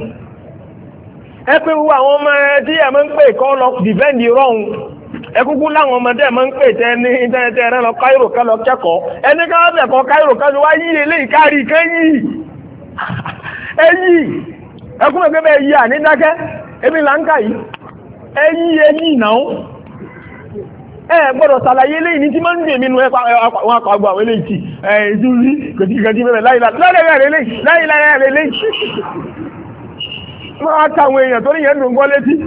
pé wo àwọn ọmọ ẹ tí ẹ ẹkúkú láwọn ọmọdé ẹ̀ máa ń pè tẹ́ ní tẹ́tẹ́ rẹ lọ káírò ká lọ kẹ́kọ̀ọ́ ẹni ká wọ́n bẹ̀kọ́ káírò ká lọ wá yí eléyìí kárí ẹkún ẹgbẹ́ bẹ́ẹ̀ yí yìí ẹyí ìnáwó ẹ gbọ́dọ̀ ṣàlàyé eléyìí ní tí máa ń nu àwọn eléyìí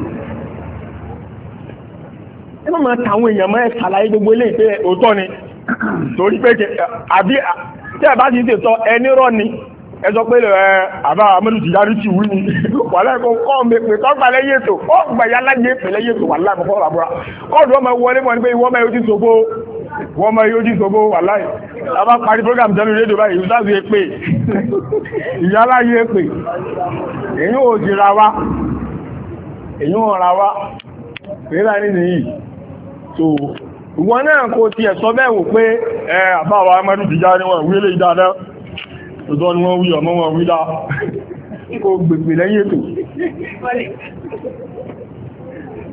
ẹ má máa tàwọn èèyàn máa ṣàlàyé gbogbo eléyìí pé òótọ́ ni torí pé àbí tí ẹ bá ti ṣètò ẹni rọ ni ẹ sọ pé ẹ àbá amadu ti darí ti wí ni [LAUGHS] wàhálà kò kọ́ mi pé kọ́ gbalẹ̀ yé tó kọ́ gbàyà láyé pẹ̀lẹ́ yé tó wàhálà kò kọ́ wà búra kọ́ọ̀dù ọmọ wọlé mọ́ ni pé ìwọ́n máa yóò ti sògbó wọ́n máa yóò jí sọ́gbó wà láì lábá parí program jẹ́nu rédíò báyìí ìsáàsì èpè ìyálà yìí èpè [LAUGHS] èyí ò jìra wá èyí ò ra wá pẹ̀lú àní nìyí so ìwọ náà kò ti ẹ̀sọ́ bẹ́ẹ̀ pé ẹ àbáwà amadu ti já ní wọn wílé ìdáná ọ̀dọ́ ni wọ́n wí ọmọ wọn wílá kò gbègbè lẹ́yìn ètò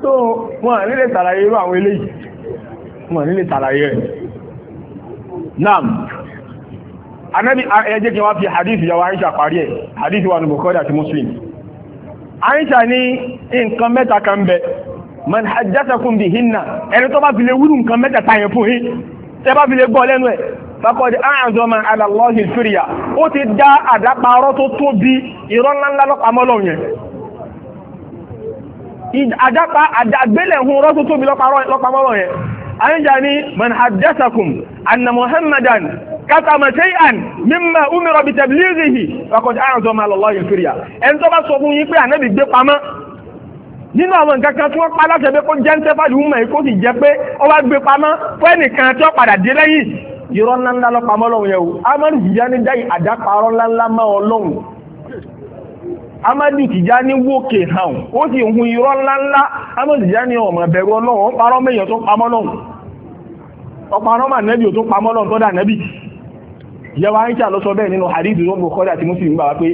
so wọn nílé tàlàyé irú àwọn fi Aisha Muslim man hajjatakum bihinna ẹni tó bá fi lè wúrú nǹkan mẹ́tẹ̀ẹ̀ta yẹn fún yín tẹ́ bá fi lè gbọ́ lẹ́nu ẹ̀ fakọ̀dì àádọ́mà alàlọ́hì fìríyà ó ti dá àdáparọ́ tó tóbi ìrọ́ ńláńlá lọ́pàmọ́lọ́hùn yẹn àdápa àgbélẹ̀hùn rọ́ tó tóbi lọ́pàmọ́lọ́hùn yẹn àyíjà ni man hajjatakum anna muhammadan katama shay'an mimma umira bi tablighihi fakọ̀dì àádọ́mà alàlọ́hì fìríyà ẹni tó bá sọ fún yín pé ànábì gbé pamọ́ nínú àwọn nǹkan kan tí wọ́n pa láti ẹgbẹ́ kó jẹ́ ń tẹ́fà lùmọ̀ èyí kó sì jẹ́ pé ó wá gbé pamọ́ fún ẹnìkan tí ó padà dé lẹ́yìn irọ́ ńláńlá lọ pamọ́ lọ́wọ́ yẹn o amadu Tijani dáì àdáparọ́ ńláńlá mọ́ ọlọ́run amadu Tijani wókè hàn ó sì hun irọ́ ńláńlá amadu Tijani ọmọ bẹ̀rù ọlọ́run ó parọ́ mẹ́yàn tó pamọ́ lọ́run ọparọ́ mà nẹ́bí ò tó pamọ́ lọ́run tó dà nẹ́bí ìyẹwà ń ṣàlọ́sọ bẹ́ẹ̀ nínú hadith tó ń bọ̀ kọ́dà tí mo sì ń gbà wá pé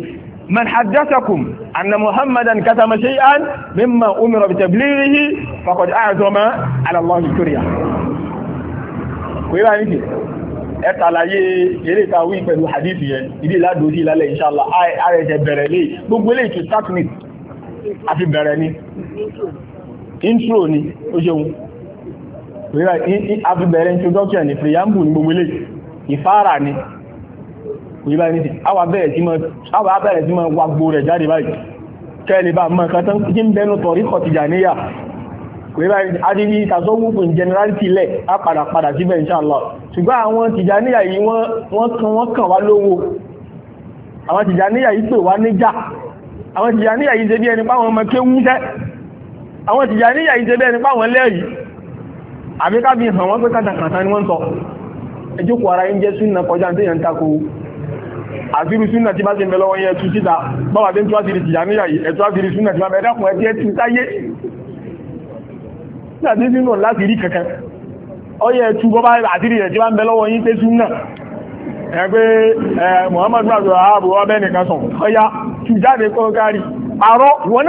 من حدثكم أن محمدا كتم شيئا مما أمر بتبليغه فقد أعظم على الله الكريا kòyíwá ní kí ẹ̀tàlàyé eléta wí pẹ̀lú hadithi yẹn ìdí ìlàdòsí ìlàlẹ̀ ìṣàlá ààrẹ̀jẹ̀ bẹ̀rẹ̀ lè gbogbo ilé ìtù startnik àfi bẹ̀rẹ̀ ní intro ni ó ṣeun kòyíwá àfi bẹ̀rẹ̀ introduction ni preamble ni gbogbo ilé ìfára ni òye báyìí nìsí àwà bẹ̀rẹ̀ sí mọ́ wagbó rẹ̀ jáde báyìí kẹ́lẹ̀ bá mọ́ kan tán jí ń bẹnu tọ̀rí kọtìjà níyà òye báyìí adìrí ìtàsọ́wọ́pù generality lẹ̀ á padà padà síbẹ̀ inshallah ṣùgbọ́n àwọn tìjà níyà yìí wọ́n kan wọ́n kàn wá lówó àwọn tìjà níyà yìí pè wá níjà àwọn tìjà níyà yìí ṣe bí ẹni páwọn ọmọ kéwú tẹ́ àwọn tìjà níyà yìí ṣe bí ẹni páwọn lẹ́yìí àbíkábí hàn wọ́n pé kàtàkàtà ni wọ́n sọ ẹjókòó ara yín jẹ́ súnà kọjá tí yẹn takò àṣírí súnà tí bá ṣe mẹ́lọ wọn yẹ tú síta báwa tí ń tú àṣírí tìyà níyà yìí ẹ̀tú àṣírí súnà tí bá bẹ̀rẹ̀ ẹ̀dàkùn ẹ̀tí ẹ̀tí sáyé láti sínú láti rí kankan ó yẹ tú bọ́bá àṣírí rẹ̀ tí bá ń bẹ́lọ́ wọn yí pé súnà ẹgbẹ́ Muhammadu Abdul ọbẹ̀ nìkan sọ ọya tú jáde kọ́ kárí parọ́ wọn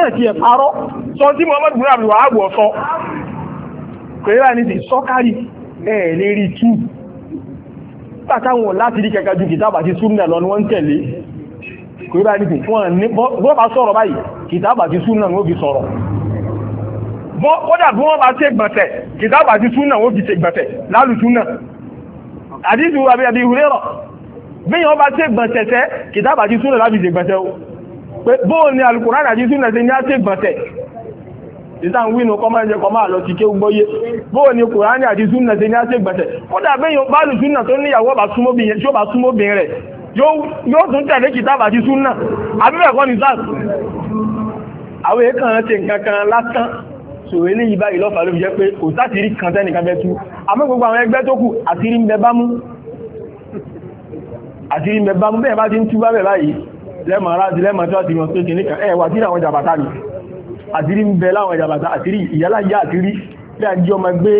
pàtàwọn láti rí kẹkẹ ju kìtàbà ti súnnà lọ ni wọ́n tẹ̀lé kò ríra ní fún ní bọ́ọ̀bá sọ̀rọ̀ báyìí kìtàbà ti súnnà wọ́n fi sọ̀rọ̀ kódà bí wọ́n bá ṣe gbọ̀tẹ̀ kìtàbà ti súnnà wọ́n fi ṣe gbọ̀tẹ̀ lálùsúnnà àdíjú àbí ìhúrẹ́rọ̀ bí wọ́n bá ṣe gbọ̀tẹ̀ tẹ́ kìtàbà ti súnnà láti ṣe gbọ̀tẹ̀ o pé bóò ni alùkùnrin àdíjú náà ṣe ní á ṣe gbọ̀tẹ̀ ìtàn wínú kọmọ ẹjẹ kọmọ àlọ ti ké gbọ́yé bóò ni kùránì àti súnà ti ní àṣẹ gbẹ̀sẹ̀ ó dàbẹ́ yóò bá lù súnà tó níyàwó bá súnmóbìn rẹ̀ yóò tún tẹ̀lé kìtàbà àti súnà àbíbẹ̀kọ́ ni sáà àwọn èèkàn ti nǹkan kan lásán sòrò ilé yìí báyìí lọ́fà ló fi jẹ́ pé kò sátìrí kan tẹ́nìkan bẹ́ tú àmọ́ gbogbo àwọn ẹgbẹ́ tó kù àtìrí ń bẹ bámú àtìrí ń bẹ bámú bẹ́ẹ̀ bá ti ń tú bá bẹ̀ báyìí lẹ́mọ̀ aráàdì lẹ́mọ̀ tó àti mọ̀ pé kìnnìkan ẹ̀ wà tí àwọn jàbátá ni àtírí ń bẹ láwọn ìjàbàtà àtírí ìyálà yá àtírí dájí ọmọ gbé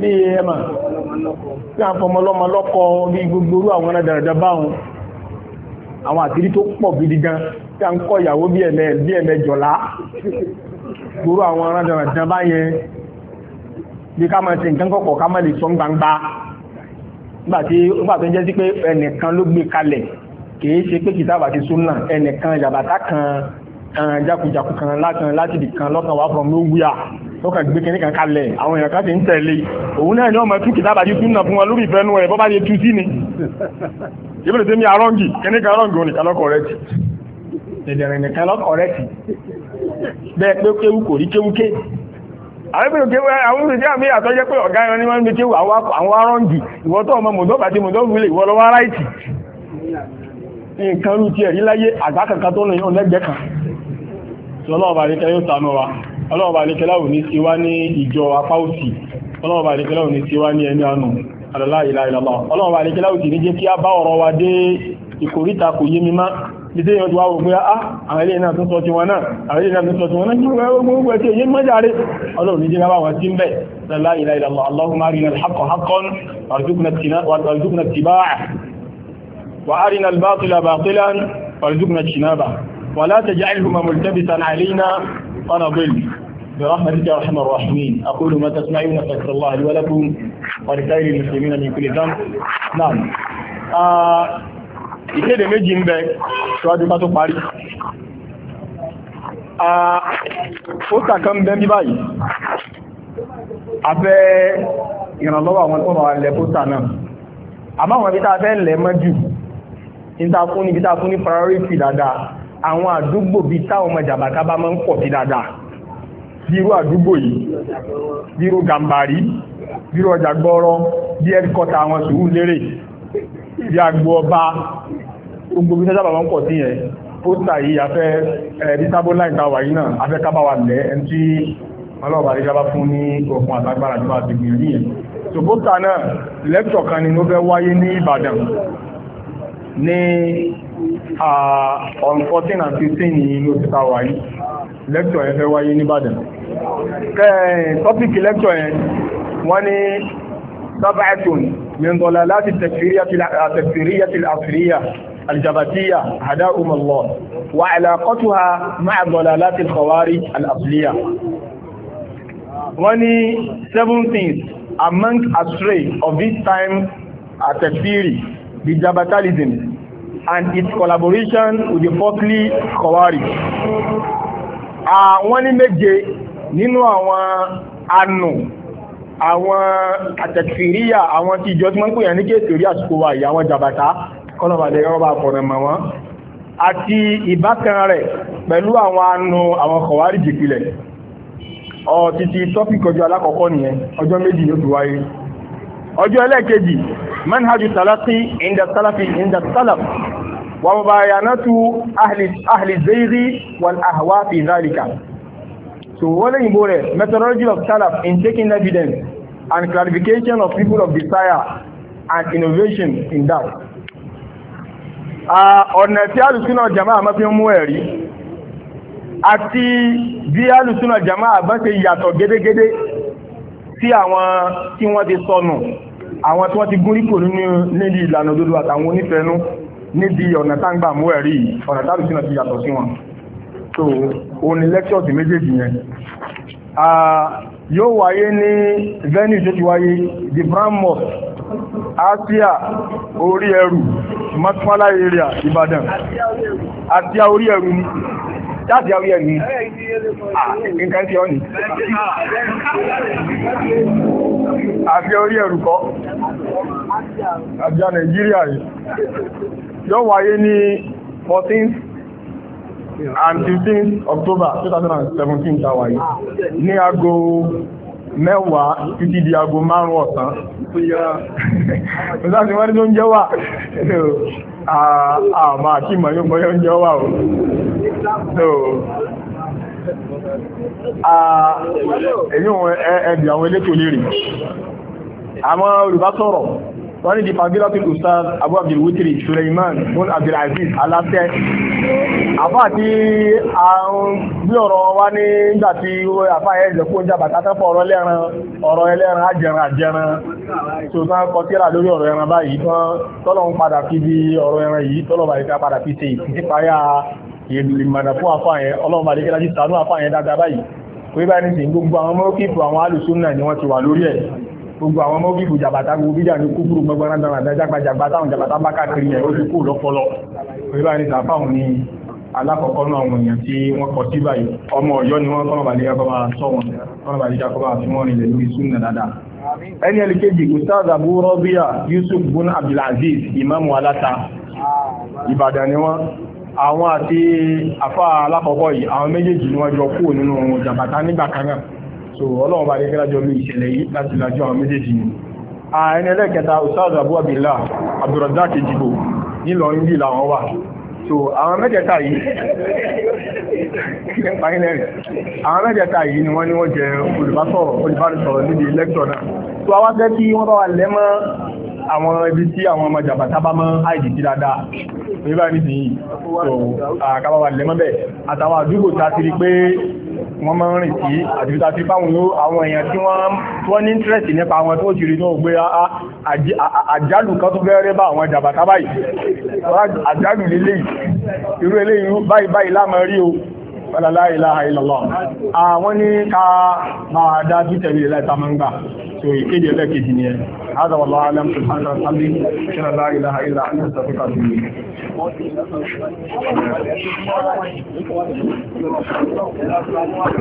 ní ẹmà tí a fọmọlọ́mọ lọ́kọ bí gbogbo àwọn ẹ̀dàrẹ̀dà báhùn àwọn àtírí tó pọ̀ gidi gan tí a ń kọ ìyàwó bí ẹ̀mẹ́jọ̀lá gbogbo àwọn ẹ̀dàrẹ̀dà báyẹn bí ká máa ṣe nǹkan kọ̀kọ̀ ká máa lè sọ gbangba nígbàtí nígbà tó jẹ́ sí pé ẹnìkan ló gbé kalẹ̀ kìí ṣe pé kìtàbà ti súnà ẹnìkan ìjàbàtà kan kan jákujàku kan láti di kan lọ́kàn wá from nowhere lọ́kàn gbé kẹ́ní kan kalẹ̀ àwọn èèyàn kan ń tẹ̀lé òun náà ni ọmọ tún kìtàbà ti tún nà fún wọn lórí ìfẹ́ ẹ̀ bọ́ bá tú sí ni ìbẹ̀rẹ̀ tẹ́mi arọ́ngì kẹ́ní kan òun nìkan lọ́kọ̀ rẹ̀ ti dẹ̀dẹ̀rẹ̀ nìkan lọ́kọ̀ rẹ̀ ti bẹ́ẹ̀ pé ọ̀gá ẹran ní wọ́n ń gbé kéwù àwọn arọ́ngì ìwọ́tọ̀ ọmọ mọ̀dọ́fà àti mọ̀dọ́fà ilé ìwọ́lọ́wọ́ aráìtì nǹkan rú ti ẹ̀rí láyé àgbákankan tó nìyàn lẹ́gbẹ̀ẹ́ kan ọlọ́ọ̀bà àríkẹ́ yóò sànú wa ọlọ́ọ̀bà àríkẹ́ láwù ní sí wá ní ìjọ apá òsì ọlọ́ọ̀bà àríkẹ́ láwù ní sí wá ní ẹni àánú àlọ́lá ìlàìlọ́lọ́ ọlọ́ọ̀bà àríkẹ́ láwù sì ní jẹ́ kí a bá ọ̀rọ̀ wa dé ìkòríta kò yé mi má ìdí ìyànjú wa gbogbo á àwọn ilé náà tó sọ ti wọn náà àwọn ilé náà tó sọ ti wọn náà gbogbo ẹgbogbo gbogbo ẹ̀tí èyí mọ́járe ọlọ́run ní ولا تجعلهما ملتبسا علينا فنضل برحمتك يا ارحم الراحمين اقول ما تسمعون استغفر الله لي ولكم ولسائر المسلمين من كل ذنب نعم ìkéde méjì ń bẹ ṣíwájú ká tó parí ó kàkán bẹ́ bí báyìí afẹ́ ìrànlọ́wọ́ àwọn tó máa lẹ pósà náà àmáwọn ibi tá a fẹ́ lẹ mọ́jú ní ta ní priority dáadáa àwọn àdúgbò bíi táwọn ọmọ jàbàtà bá máa ń pọ̀ sí dáadáa bírú àdúgbò yìí bírú gàmbàrí bírú ọjà gbọ́rọ́ bí ẹ́dìkọta àwọn sùúrù lérè bí agbó ọba gbogbo bí sájábà wọ́n pọ̀ sí yẹn pósítà yìí afẹ́ ẹ̀ẹ́dítàbó láìta wà yìí náà afẹ́ ni on 14 and 15 ní inú títà wà yìí lẹ́kṣọ̀ yẹn fẹ́ wáyé nìbàdàn tọ́pìkì lẹ́kṣọ̀ yẹn wọ́n ní sábàtún min dalalati tafsiriyya al-asriyya al-jabatiyya hadahum Allah wa alaqatuha seven things among astray of this time at theory the jabatalism and its collaboration with the folkly kọwárì àwọn ní méje nínú àwọn anù àwọn àtẹ̀kìríyà àwọn tí ìjọ tí wọ́n ń pè yàn ní kéèsì orí àsìkò wa ìyá àwọn jàbàtà kọ́lọ̀bàdẹ̀ rọ́bà fọ̀rẹ̀mọ̀ wọn àti ìbákan rẹ̀ pẹ̀lú àwọn anù àwọn kọ̀wárì jìpìlẹ̀ ọ̀ títí tọ́pì kọjú alákọ̀ọ́kọ́ nìyẹn ọjọ́ méjì ló fi wáyé ọjọ́ ẹlẹ́ẹ̀kejì manhajj talaqi inda salafi inda salaf wa mubayanatu ahli zairi wal ahwa fi zalika so wọ́n lẹ́yìn bó rẹ̀ methodology of salaf in taking evidence and clarification of people of desire and innovation in that ah, ọ̀nà tí alùsúnà jama'a máa fi mú ẹ̀rí àti bí alùsúnà jama'a bá ṣe yàtọ̀ gédégédé tí àwọn tí wọ́n ti sọnù àwọn tí wọ́n ti gún rípò nínú ìlànà òdodo àtàwọn onífẹ́nú níbi ọ̀nà táǹgbà ẹ̀rí ọ̀nà tábí ti yàtọ̀ sí wọn so òun ni lectures méjèèjì yẹn yóò wáyé ní venue tó ti wáyé the brand mosque asia orí ẹrù matmala area Ìbàdàn asia orí ẹrù láti ọrí ẹ̀rí nǹkan tí ó ní àfi orí ẹ̀rùkọ́ àbíà Nàìjíríà yìí yóò wáyé ní 14th and 15th October 2017 tàwáyé ní aago mẹ́wàá títí di aago márùn ọ̀sán ìsáàtí wọ́n ní tó ń jẹ́ wà àmà kí mọ̀ yóò bọ́yọ́ ń jẹ́ wà o èyí ẹ̀bì àwọn elétò lè rí àmọ́ olùbásọ̀rọ̀ wọ́n ní di fadilatul ustaz abu abdulwitiri suleiman bin abdulaziz alasẹ àfáà tí a ń bí ọ̀rọ̀ wá ní ìgbà tí àfáà yẹn jẹ́ kó ń jàbàtà tẹ́fọ̀ ọ̀rọ̀ ẹlẹ́ran ọ̀rọ̀ ẹlẹ́ran ajẹran ajẹran tó tán kọ tíra lórí ọ̀rọ̀ ẹran báyìí tán tọ́lọ̀ ń padà fi bí ọ̀rọ̀ ẹran yìí tọ́lọ̀ bàyí ká padà fi ṣe ìpínípayà ìmọ̀nà fún àfáà yẹn ọlọ́run bàdé kí lájú sànú àfáà yẹn dáadáa báyìí pé báyìí ní sìn gbogbo àwọn mọ́kìpù àwọn alùsùn náà ni wọ́n ti wà lórí ẹ̀ gbogbo àwọn ọmọ bíbù jàbàtà gbogbo bíjà ní kúkúrú gbogbo ọ̀nà dáadáa jágbàjàgbà táwọn jàbàtà bá káàkiri yẹn ó ti kú lọ́pọlọ orílẹ̀ àti sàfáwọn ni alákọ̀ọ́kọ́ náà àwọn èèyàn tí wọ́n kọ sí báyìí ọmọ ọ̀yọ́ ni wọ́n kọ́nà bàlẹ́ kọ́ máa sọ wọn kọ́nà bàlẹ́ kọ́ máa yusuf bun abdulaziz imamu aláta ìbàdàn ni wọ́n àwọn àti afá alákọ̀ọ́kọ́ yìí àwọn méjèèjì ni wọ́n jọ kúrò nínú jàbàtà nígbà so ọlọ́run bá dẹ́kẹ́ lájọ́ lú ìṣẹ̀lẹ̀ yìí láti lájọ́ àwọn méjèèjì ni ààrin ẹlẹ́kẹta ustaz abu abdullah abdulrazak ejibo nílọrin bí làwọn wà so àwọn mẹ́tẹ̀ẹ̀ta yìí àwọn mẹ́tẹ̀ẹ̀ta yìí ni wọ́n ní wọ́n jẹ olùbásọ̀rọ̀ olùbánisọ̀rọ̀ níbi lẹ́kṣọ̀ náà so àwọn fẹ́ kí wọ́n bá wà lẹ́mọ́ àwọn ibi tí àwọn ọmọ jàbàtà bá mọ́ àìdìtì dáadáa nígbà nídìí so àkàbà wà lẹ́mọ́ bẹ́ẹ̀ àtàwọn àdúgbò ta ti rí pé wọ́n máa ń rìn sí àtìbítà sí àwọn èèyàn tí wọ́n ní interest nípa àwọn tó ti náà gbé ah, ah, àjálù kan tó fẹ́rẹ́ bá àwọn jàbàtà báyìí àjálù lélẹ̀ so ìkéde ẹlẹ́kejì ni ẹ هذا والله أعلم سبحانه وتعالى شر لا إله إلا أنت استغفرك وأتوب إليك